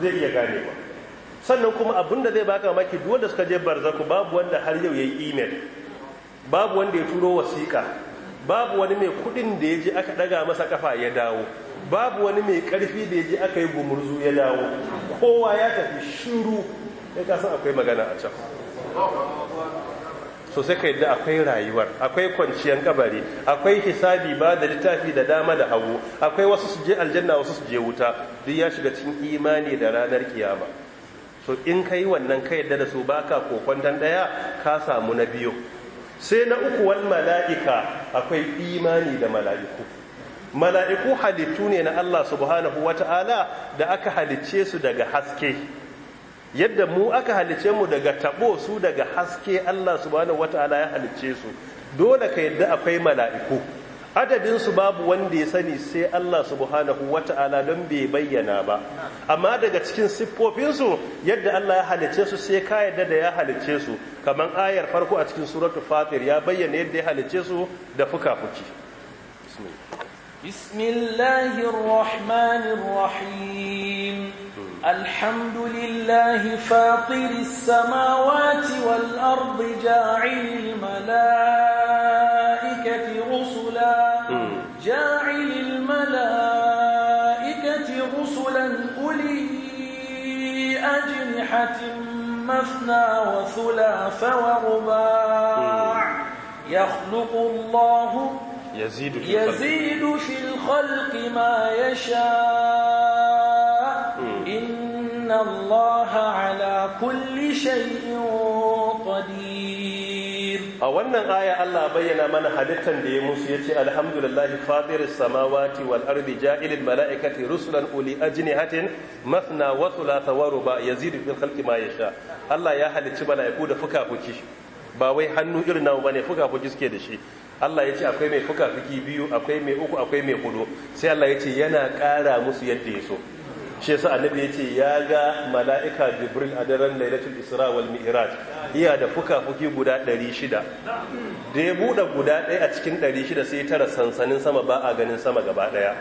zai iya gane ba sannan kuma abin da zai baka maki duk wanda suka je barzaku babu wanda har yau yayi email babu wanda ya turo wasiƙa babu wani mai kuɗin da ya je aka ɗaga masa kafa ya dawo babu wani mai ƙarfi da ya je aka yi gumurzu ya dawo kowa ya tafi shiru ya kasan akwai magana a can so sai ka yadda akwai rayuwar akwai kwanciyar kabari akwai hisabi ba da littafi da dama da hagu akwai wasu su je aljanna wasu su je wuta duk ya shiga cikin imani da ranar kiyama so in ka wannan ka yadda da su baka kokon dan daya ka samu na biyu sai na uku wal mala'ika akwai imani da mala'iku mala'iku halittu ne na Allah subhanahu wata'ala da aka halicce su daga haske yadda mu aka halice mu daga tabo su daga haske Allah subhanahu wataala ya halice su dole ka yadda akwai mala'iku adadin su babu wanda ya sani sai Allah subhanahu wataala don bai bayyana ba amma daga cikin siffofin su yadda Allah ya halice su sai ka yadda da ya halice su Kamar ayar farko a cikin suratu fatir ya bayyana yadda ya halice su da fukafuki fuki الحمد لله فاطر السماوات والأرض جاعل الملائكة رسلا جاعل الملائكة رسلا أولي أجنحة مثنى وثلاث ورباع يخلق الله يزيد في, يزيد في الخلق ما يشاء ان الله على a wannan aya Allah bayyana mana halittar da ya musu yace alhamdulillahi fatir samawati wal ardi ja'ilil malaikati rusulan uli ajnihatin mathna wa thulatha wa ruba yazidu fil khalqi ma yasha Allah ya halicci malaiku da fukafuki ba wai hannu irin nawa bane fukafuki suke da shi Allah ya ce akwai mai fuka fuki biyu akwai mai uku akwai mai hudu sai Allah ya ce yana ƙara musu yadda ya so shi yasa annabi yace ya ga mala'ika jibril a daren lailatul isra wal mi'raj iya da fuki guda 600 da ya bude guda ɗaya a cikin 600 sai tara sansanin sama ba a ganin sama gaba daya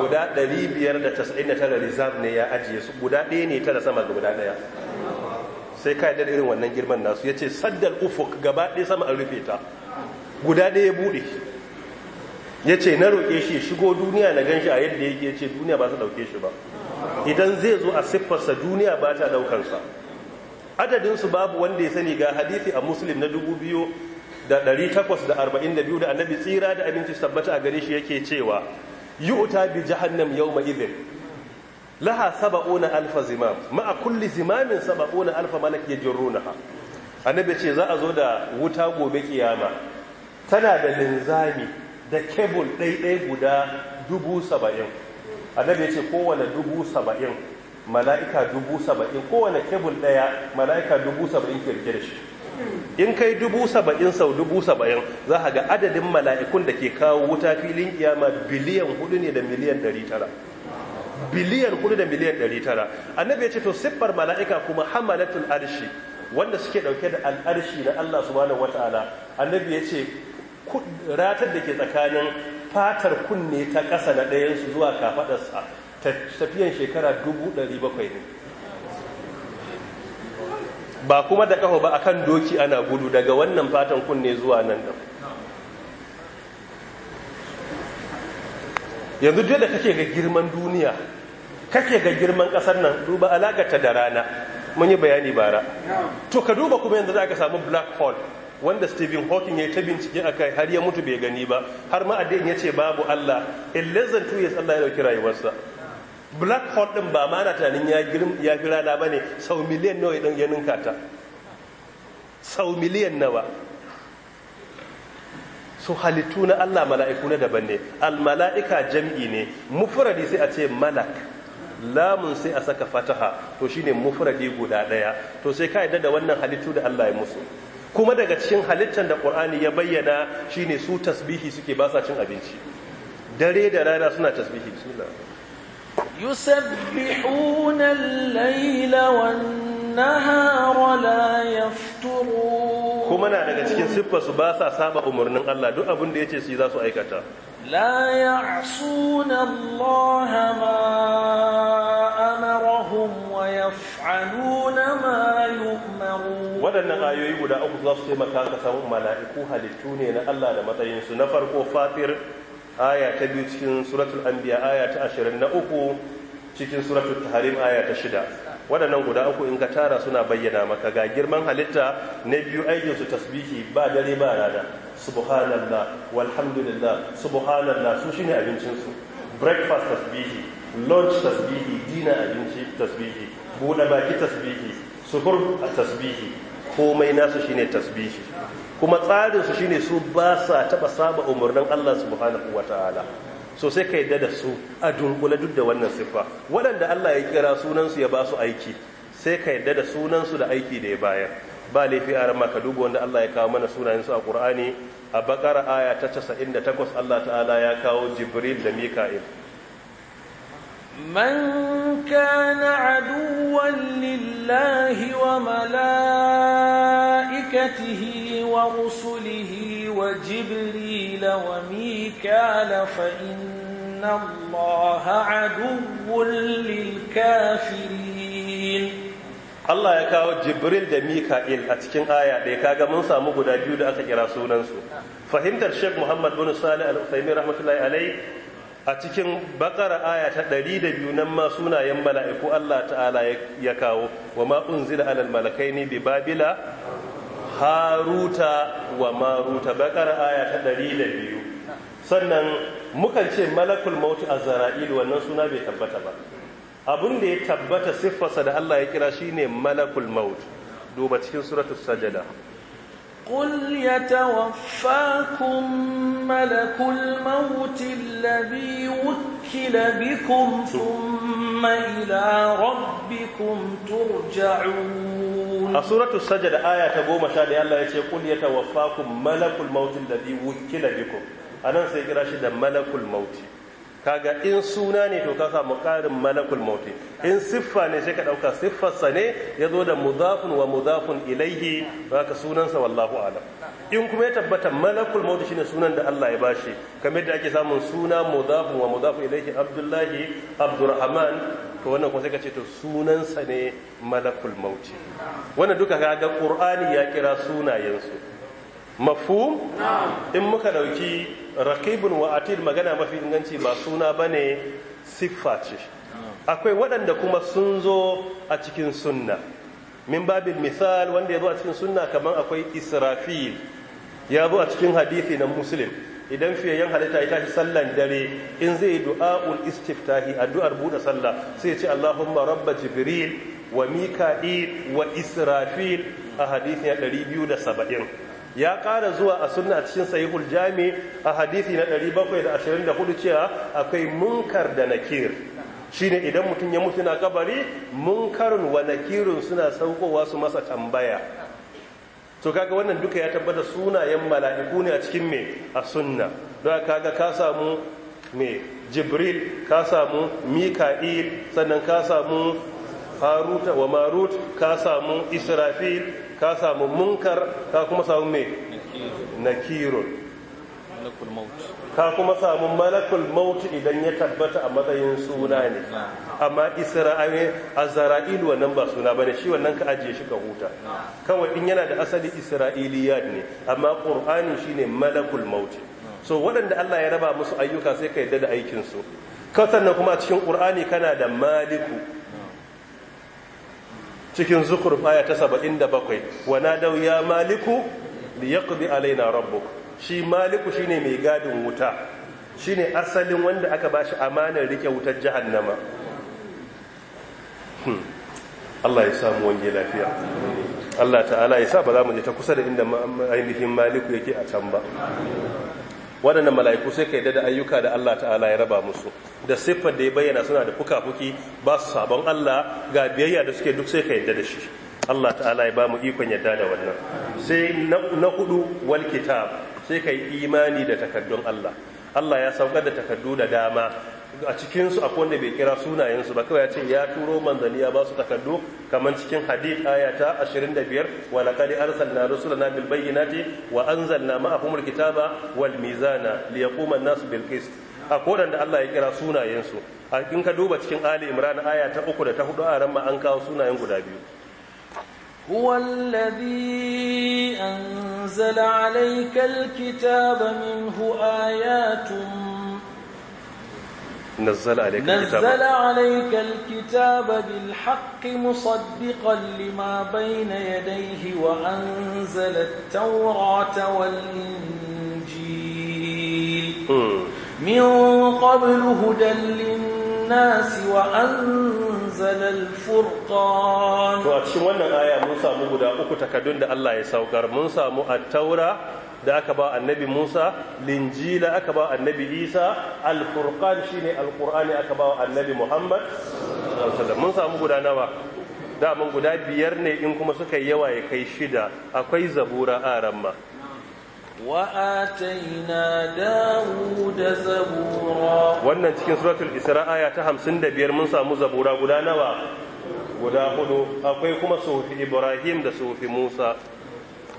guda 599 reserve ne ya ajiye su guda ɗaya ne tara sama guda daya sai ka yadda irin wannan girman nasu yace saddal ufuk gaba ɗaya sama an rufe ta guda ɗaya bude ya ce na roƙe shi shigo duniya na gan shi a yadda yake ya ce duniya ba ta ɗauke shi ba idan zai zo a siffarsa duniya ba ta ɗaukansa adadinsu babu wanda ya sani ga hadisi a muslim na dubu da da arba'in annabi tsira da abinci tabbata a gare shi yake cewa yi uta bi jahannam yau ma izin laha saba'una alfa zimam ma'a kulli zimamin saba'una alfa malak ya ha annabi ce za a zo da wuta gobe kiyama tana da linzami da kebul ɗaiɗai guda dubu saba'in annabi ya ce kowane dubu saba'in mala'ika dubu saba'in kowane kebul ɗaya mala'ika dubu saba'in ke rike da shi in kai dubu saba'in sau dubu saba'in za a ga adadin mala'ikun da ke kawo wuta filin kiyama biliyan hudu ne da miliyan ɗari tara biliyan hudu da miliyan ɗari tara annabi ya ce to siffar mala'ika kuma hamalatul arshi wanda suke ɗauke da al'arshi na Allah subhanahu wata'ala annabi ya ce ratar da ke tsakanin fatar kunne ta ƙasa na ɗayansu zuwa kafaɗarsa tafiyan shekara 1700 ne ba kuma da ƙaho ba akan doki ana gudu daga wannan fatan kunne zuwa nan da yanzu duk da kake ga girman duniya kake ga girman ƙasar nan duba ta da rana mun yi bayani bara to ka duba kuma yanzu za ka samu black hole wanda Stephen Hawking ya yi ta bincike a kai har ya mutu bai gani ba har ma addinin ya ce babu Allah in less than two years Allah ya dauki rayuwarsa black hole din ba ma na tunanin ya girin ya fi rana ba ne sau miliyan nawa ya ninka ta sau miliyan nawa su halittu na Allah mala'iku na daban ne almala'ika jam'i ne mufuradi sai a ce malak lamun sai a saka fataha to shi ne mufuradi guda daya to sai ka yadda da wannan halittu da Allah ya musu kuma daga cikin halittar da ƙur'ani ya bayyana shine su tasbihi suke ba sa cin abinci dare da rana suna tasbihi bismillah yusabbihuna al-laila wan-nahara la yafturun kuma na daga cikin siffar su ba sa saba umarnin Allah duk abin da yace su za su aikata la ya'suna Allah ma أمرهم ويفعلون ما يؤمرون waɗannan ayoyi guda uku za su taimaka ka samu mala'iku halittu ne na Allah da matsayinsu na farko fatir ayata ta biyu cikin suratul anbiya aya ashirin na uku cikin suratul tahrim aya ta shida waɗannan guda uku in ka tara suna bayyana maka ga girman halitta na biyu su tasbihi ba dare ba rana subhanallah walhamdulillah subhanallah su shine abincinsu breakfast tasbihi lunch tasbihi dina abinci tasbihi buɗe baki tasbihi sukur a tasbihi komai nasu shine tasbihi kuma tsarinsu shine su ba sa taɓa saba umarnin Allah subhanahu wa ta'ala so sai ka yadda da su a dunkule duk da wannan siffa waɗanda Allah ya kira sunansu ya ba su aiki sai ka yadda da sunansu da aiki da ya bayar ba laifi a maka wanda Allah ya kawo mana su a Qur'ani a bakar aya ta 98 Allah ta'ala ya kawo Jibril da Mika'il من كان عدوا لله وملائكته ورسله وجبريل وميكال فإن الله عدو للكافرين Allah ya kawo Jibril da Mika'il a cikin aya ɗaya kaga mun samu guda biyu da aka kira sunansu. Fahimtar Sheikh Muhammad bin Salih Al-Uthaymeen rahmatullahi alayhi a cikin bakara aya ta ɗari biyu nan ma sunayen mala'iku Allah ta'ala ya kawo wa ma unzila alal ne bi babila haruta wa maruta bakara aya ta biyu. sannan mukan ce malakul mautu zara’il wannan suna bai tabbata ba abin da ya tabbata siffarsa da Allah ya kira shine malakul maut duba cikin suratul sajada قل يتوفاكم ملك الموت الذي وكل بكم ثم إلى ربكم ترجعون سورة السجد آية أبو مشاهد الله يقول يتوفاكم ملك الموت الذي وكل بكم أنا سيقرأ شد ملك الموت kaga in suna ne to ka samu ƙarin malakul mauti in siffa ne sai ka ɗauka siffarsa ne ya zo da mudafun wa mudafun ilaihi ba ka sunansa wallahu alam in kuma ya tabbata malakul mauti shine sunan da Allah ya bashi kamar da ake samun suna mudafun wa mudafun ilaihi abdullahi abdurrahman to wannan kuma sai ka ce to sunansa ne malakul mauti wannan duka kaga qur'ani ya kira sunayensu mafhum in muka dauki raqibun wa atid magana mafi inganci ba suna bane siffa ce akwai waɗanda kuma sun zo a cikin sunna min babin misal wanda ya zo a cikin sunna kamar akwai israfil ya zo a cikin hadithi na muslim idan fiyayyen halitta ya tashi sallan dare in zai yi du'a'ul istiftahi addu'ar buɗe sallah sai ya ce Allahumma rabba jibril wa mika'il wa israfil a da 270 ya ƙara zuwa a sunna a cikin sahihul jami a hadisi na 724 cewa akwai munkar da nakir shine idan mutum ya mutu na kabari munkarun wa nakirun suna saukowa su masa tambaya to kaga wannan duka ya tabbata sunayen mala'iku ne a cikin me a sunna don kaga ka samu me jibril ka samu mika'il sannan ka samu harut wa marut ka samu israfil ka samu munkar ka kuma samu me nakirun ka kuma samu malakul maut idan ya tabbata a matsayin suna ne amma isra'il zara'ilu wannan ba suna ba bane shi wannan ka ajiye shi ka huta kawai in yana da asali isra'iliyat ne amma shi ne malakul maut so waɗanda Allah ya raba musu ayyuka sai ka yadda da aikinsu. su kasannan kuma a cikin qur'ani kana da maliku cikin zukur aya ta bakwai. wana da ya maliku liyaqdi alaina rabbuk shi maliku shine mai gadin wuta Shi ne asalin wanda aka ba shi amanar rike wutar jahannama hmm. Allah ya samu wange lafiya Allah ta'ala ya sa ba za mu je ta kusa da inda ainihin maliku yake a can ba waɗannan mala'iku sai ka yi da ayyuka da Allah ta'ala ya raba musu da siffar da ya bayyana suna da fuka-fuki ba su sabon Allah ga biyayya da suke duk sai ka yadda da shi Allah ta'ala ya ba mu ikon yadda da wannan sai na hudu wal kitab sai ka yi imani da takaddun Allah Allah ya saukar da takaddu da dama a cikinsu akwai wanda bai kira sunayensu ba kawai ya ce ya turo manzanni ya ba su takardu kamar cikin hadith ayata 25 wa laqad arsalna rusulana bil bayyinati wa anzalna ma'ahumul kitaba wal mizana liyaquma an-nas bil qist akwai wanda Allah ya kira sunayensu a kin ka duba cikin ali imran aya ta 3 da ta hudu a ran ma an kawo sunayen guda biyu هو الذي أنزل عليك الكتاب منه آيات نزل عليك الكتاب نزل عليك الكتاب بالحق مصدقا لما بين يديه وأنزل التوراة والإنجيل من قبل هدى للناس وأنزل أنزل الفرقان to a cikin wannan aya mun samu guda uku takaddun da Allah ya saukar mun samu at-taura da aka ba annabi Musa linjila aka ba annabi Isa al-furqan shine al-qur'ani aka ba annabi Muhammad mun samu guda nawa da mun guda biyar ne in kuma suka yawa ya kai shida akwai zabura aramma وآتينا داود زبورا wannan cikin suratul isra aya ta 55 mun samu zabura guda nawa guda hudu akwai kuma suhufi ibrahim da suhufi musa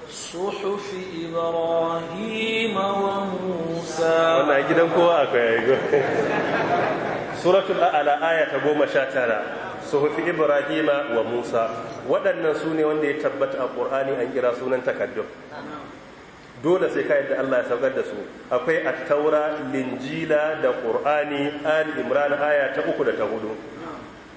suhufi ibrahim wa musa wannan gidan kowa akwai suratul a'la aya ta 19 suhufi ibrahim wa musa waɗannan su ne wanda ya tabbata a qur'ani an kira sunan takaddum dole sai kayan da Allah ya saukar da su akwai taura linjila da ƙur'ani al imran aya ta uku da ta hudu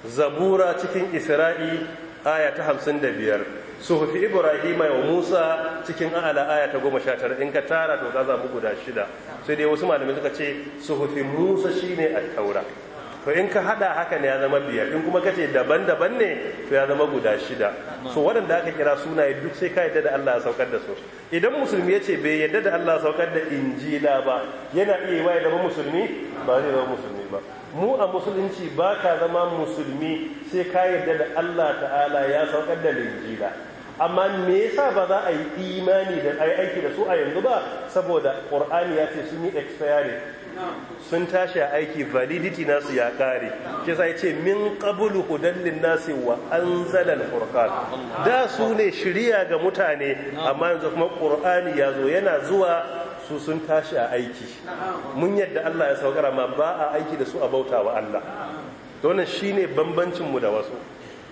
zabura cikin isra'i aya ta hamsin da biyar suhufi ibrahima wa musa cikin ala aya ta goma sha tara in ka tara to za mu guda shida sai dai wasu malamai suka ce suhufi musa shine attaura to in ka hada haka ne ya zama biyar in kuma kace daban-daban ne to ya zama guda shida so waɗanda aka kira sunaye duk sai ka yadda da Allah ya saukar da su idan musulmi yace bai yadda da Allah ya saukar da injila ba yana iya yi ya zama musulmi ba zai zama musulmi ba mu a musulunci ba ka zama musulmi sai ka yadda da Allah ta'ala ya saukar da injila amma me yasa ba za a yi imani da aiki da su a yanzu ba saboda qur'ani ya ce sun yi expiring sun tashi a aiki validity nasu ya kare ke sai ce min qablu hudallin nasi wa anzalal furqan da su ne shiriya ga mutane amma yanzu kuma qur'ani ya zo yana zuwa su sun tashi a aiki mun yadda Allah ya saukar amma ba a aiki da su a bauta wa Allah wannan shine bambancin mu da wasu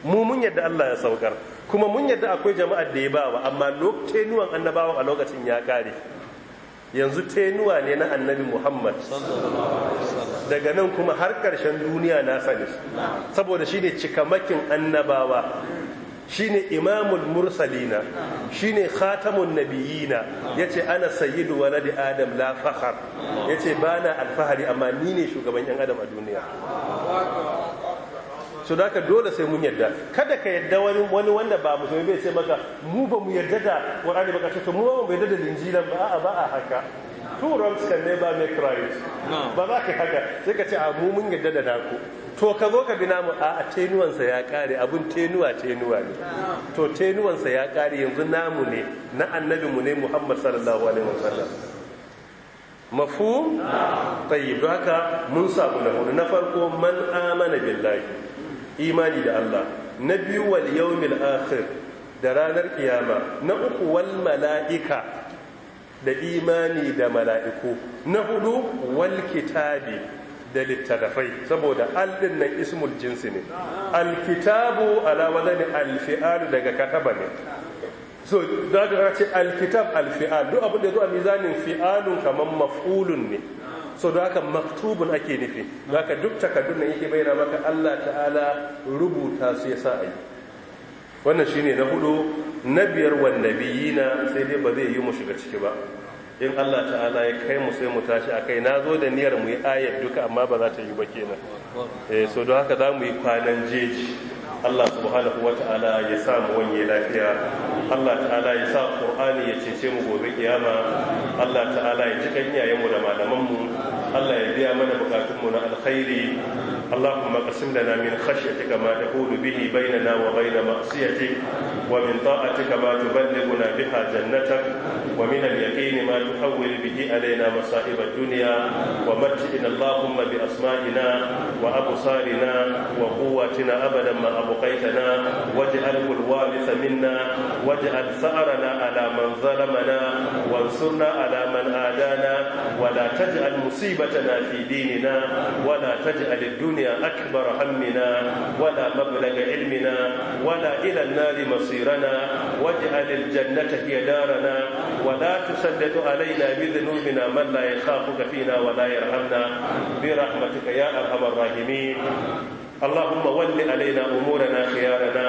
mu mun yadda Allah ya saukar kuma mun yadda akwai jama'ar da ya bawa amma lokacin annabawa a lokacin ya kare yanzu tenuwa ne na annabi muhammad daga nan kuma har karshen duniya na sanis. saboda shi ne cikamakin annabawa shi ne imamul mursalina shi ne khatamun nabiyina ya ce ana sayidu waladi adam la fahar ya ce ba na alfahari amma ni ne shugaban yan adam a duniya so da haka dole sai mun yarda kada ka yarda wani wani wanda ba musulmi bai ce maka mu ba mu yarda da qur'ani ba ka ce mu ba mu yarda da injilan ba a ba a haka two wrongs can never make right ba za ka haka sai ka ce a mu mun yarda da naku to ka zo ka bi namu a sa ya kare abun tenuwa tenuwa ne to sa ya kare yanzu namu ne na annabi mu ne Muhammad sallallahu alaihi wasallam mafu tayyib haka mun samu na hudu na farko man amana billahi imani da Allah na biyu wal yawmil akhir da ranar kiyama na uku wal mala'ika da imani da mala'iku na hudu wal kitabi da littattafai saboda aldin nan ismul jinsi ne alkitabu ala wazani fi'al daga kataba ne so za ka ce alkitab alfi'al duk abin da zo a mizanin fi'alun kamar maf'ulun ne so da haka maktubun ake nufi da haka duk takardun da yake bayyana maka Allah ta'ala rubuta su ya sa wannan shine na hudu na biyar wanda na sai dai ba zai yi mu shiga ciki ba in Allah ta'ala ya kai mu sai mu tashi a kai na zo da niyyar mu yi ayar duka amma ba za ta yi ba kenan eh so da haka za mu yi kwanan jeji Allah subhanahu wa ta'ala ya sa mu wanye lafiya Allah ta'ala ya sa Qur'ani ya cece mu gobe kiyama Allah ta'ala ya ji kanyayen mu da malaman mu Allah ya biya mana bukatun mu na alkhairi اللهم اقسم لنا من خشيتك ما تحول به بيننا وبين معصيتك ومن طاعتك ما تبلغنا بها جنتك ومن اليقين ما تحول به علينا مصائب الدنيا ومتئنا اللهم بأسمائنا وأبصارنا وقواتنا أبدا ما أبقيتنا واجعله الوارث منا واجعل ثأرنا على من ظلمنا وانصرنا على من آدانا ولا تجعل مصيبتنا في ديننا ولا تجعل الدنيا الدنيا أكبر همنا ولا مبلغ علمنا ولا إلى النار مصيرنا واجعل الجنة هي دارنا ولا تسلط علينا بذنوبنا من لا يخافك فينا ولا يرحمنا برحمتك يا أرحم الراحمين اللهم ول علينا أمورنا خيارنا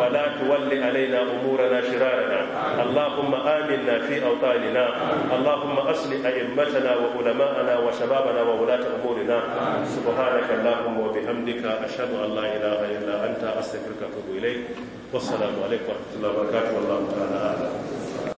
ولا تول علينا أمورنا شرارنا اللهم آمنا في أوطاننا اللهم أصلح أئمتنا وعلماءنا وشبابنا وولاة أمورنا سبحانك اللهم وبحمدك أشهد أن لا إله إلا أنت أستغفرك وأتوب إليك والسلام عليكم ورحمة الله وبركاته والله تعالى أعلم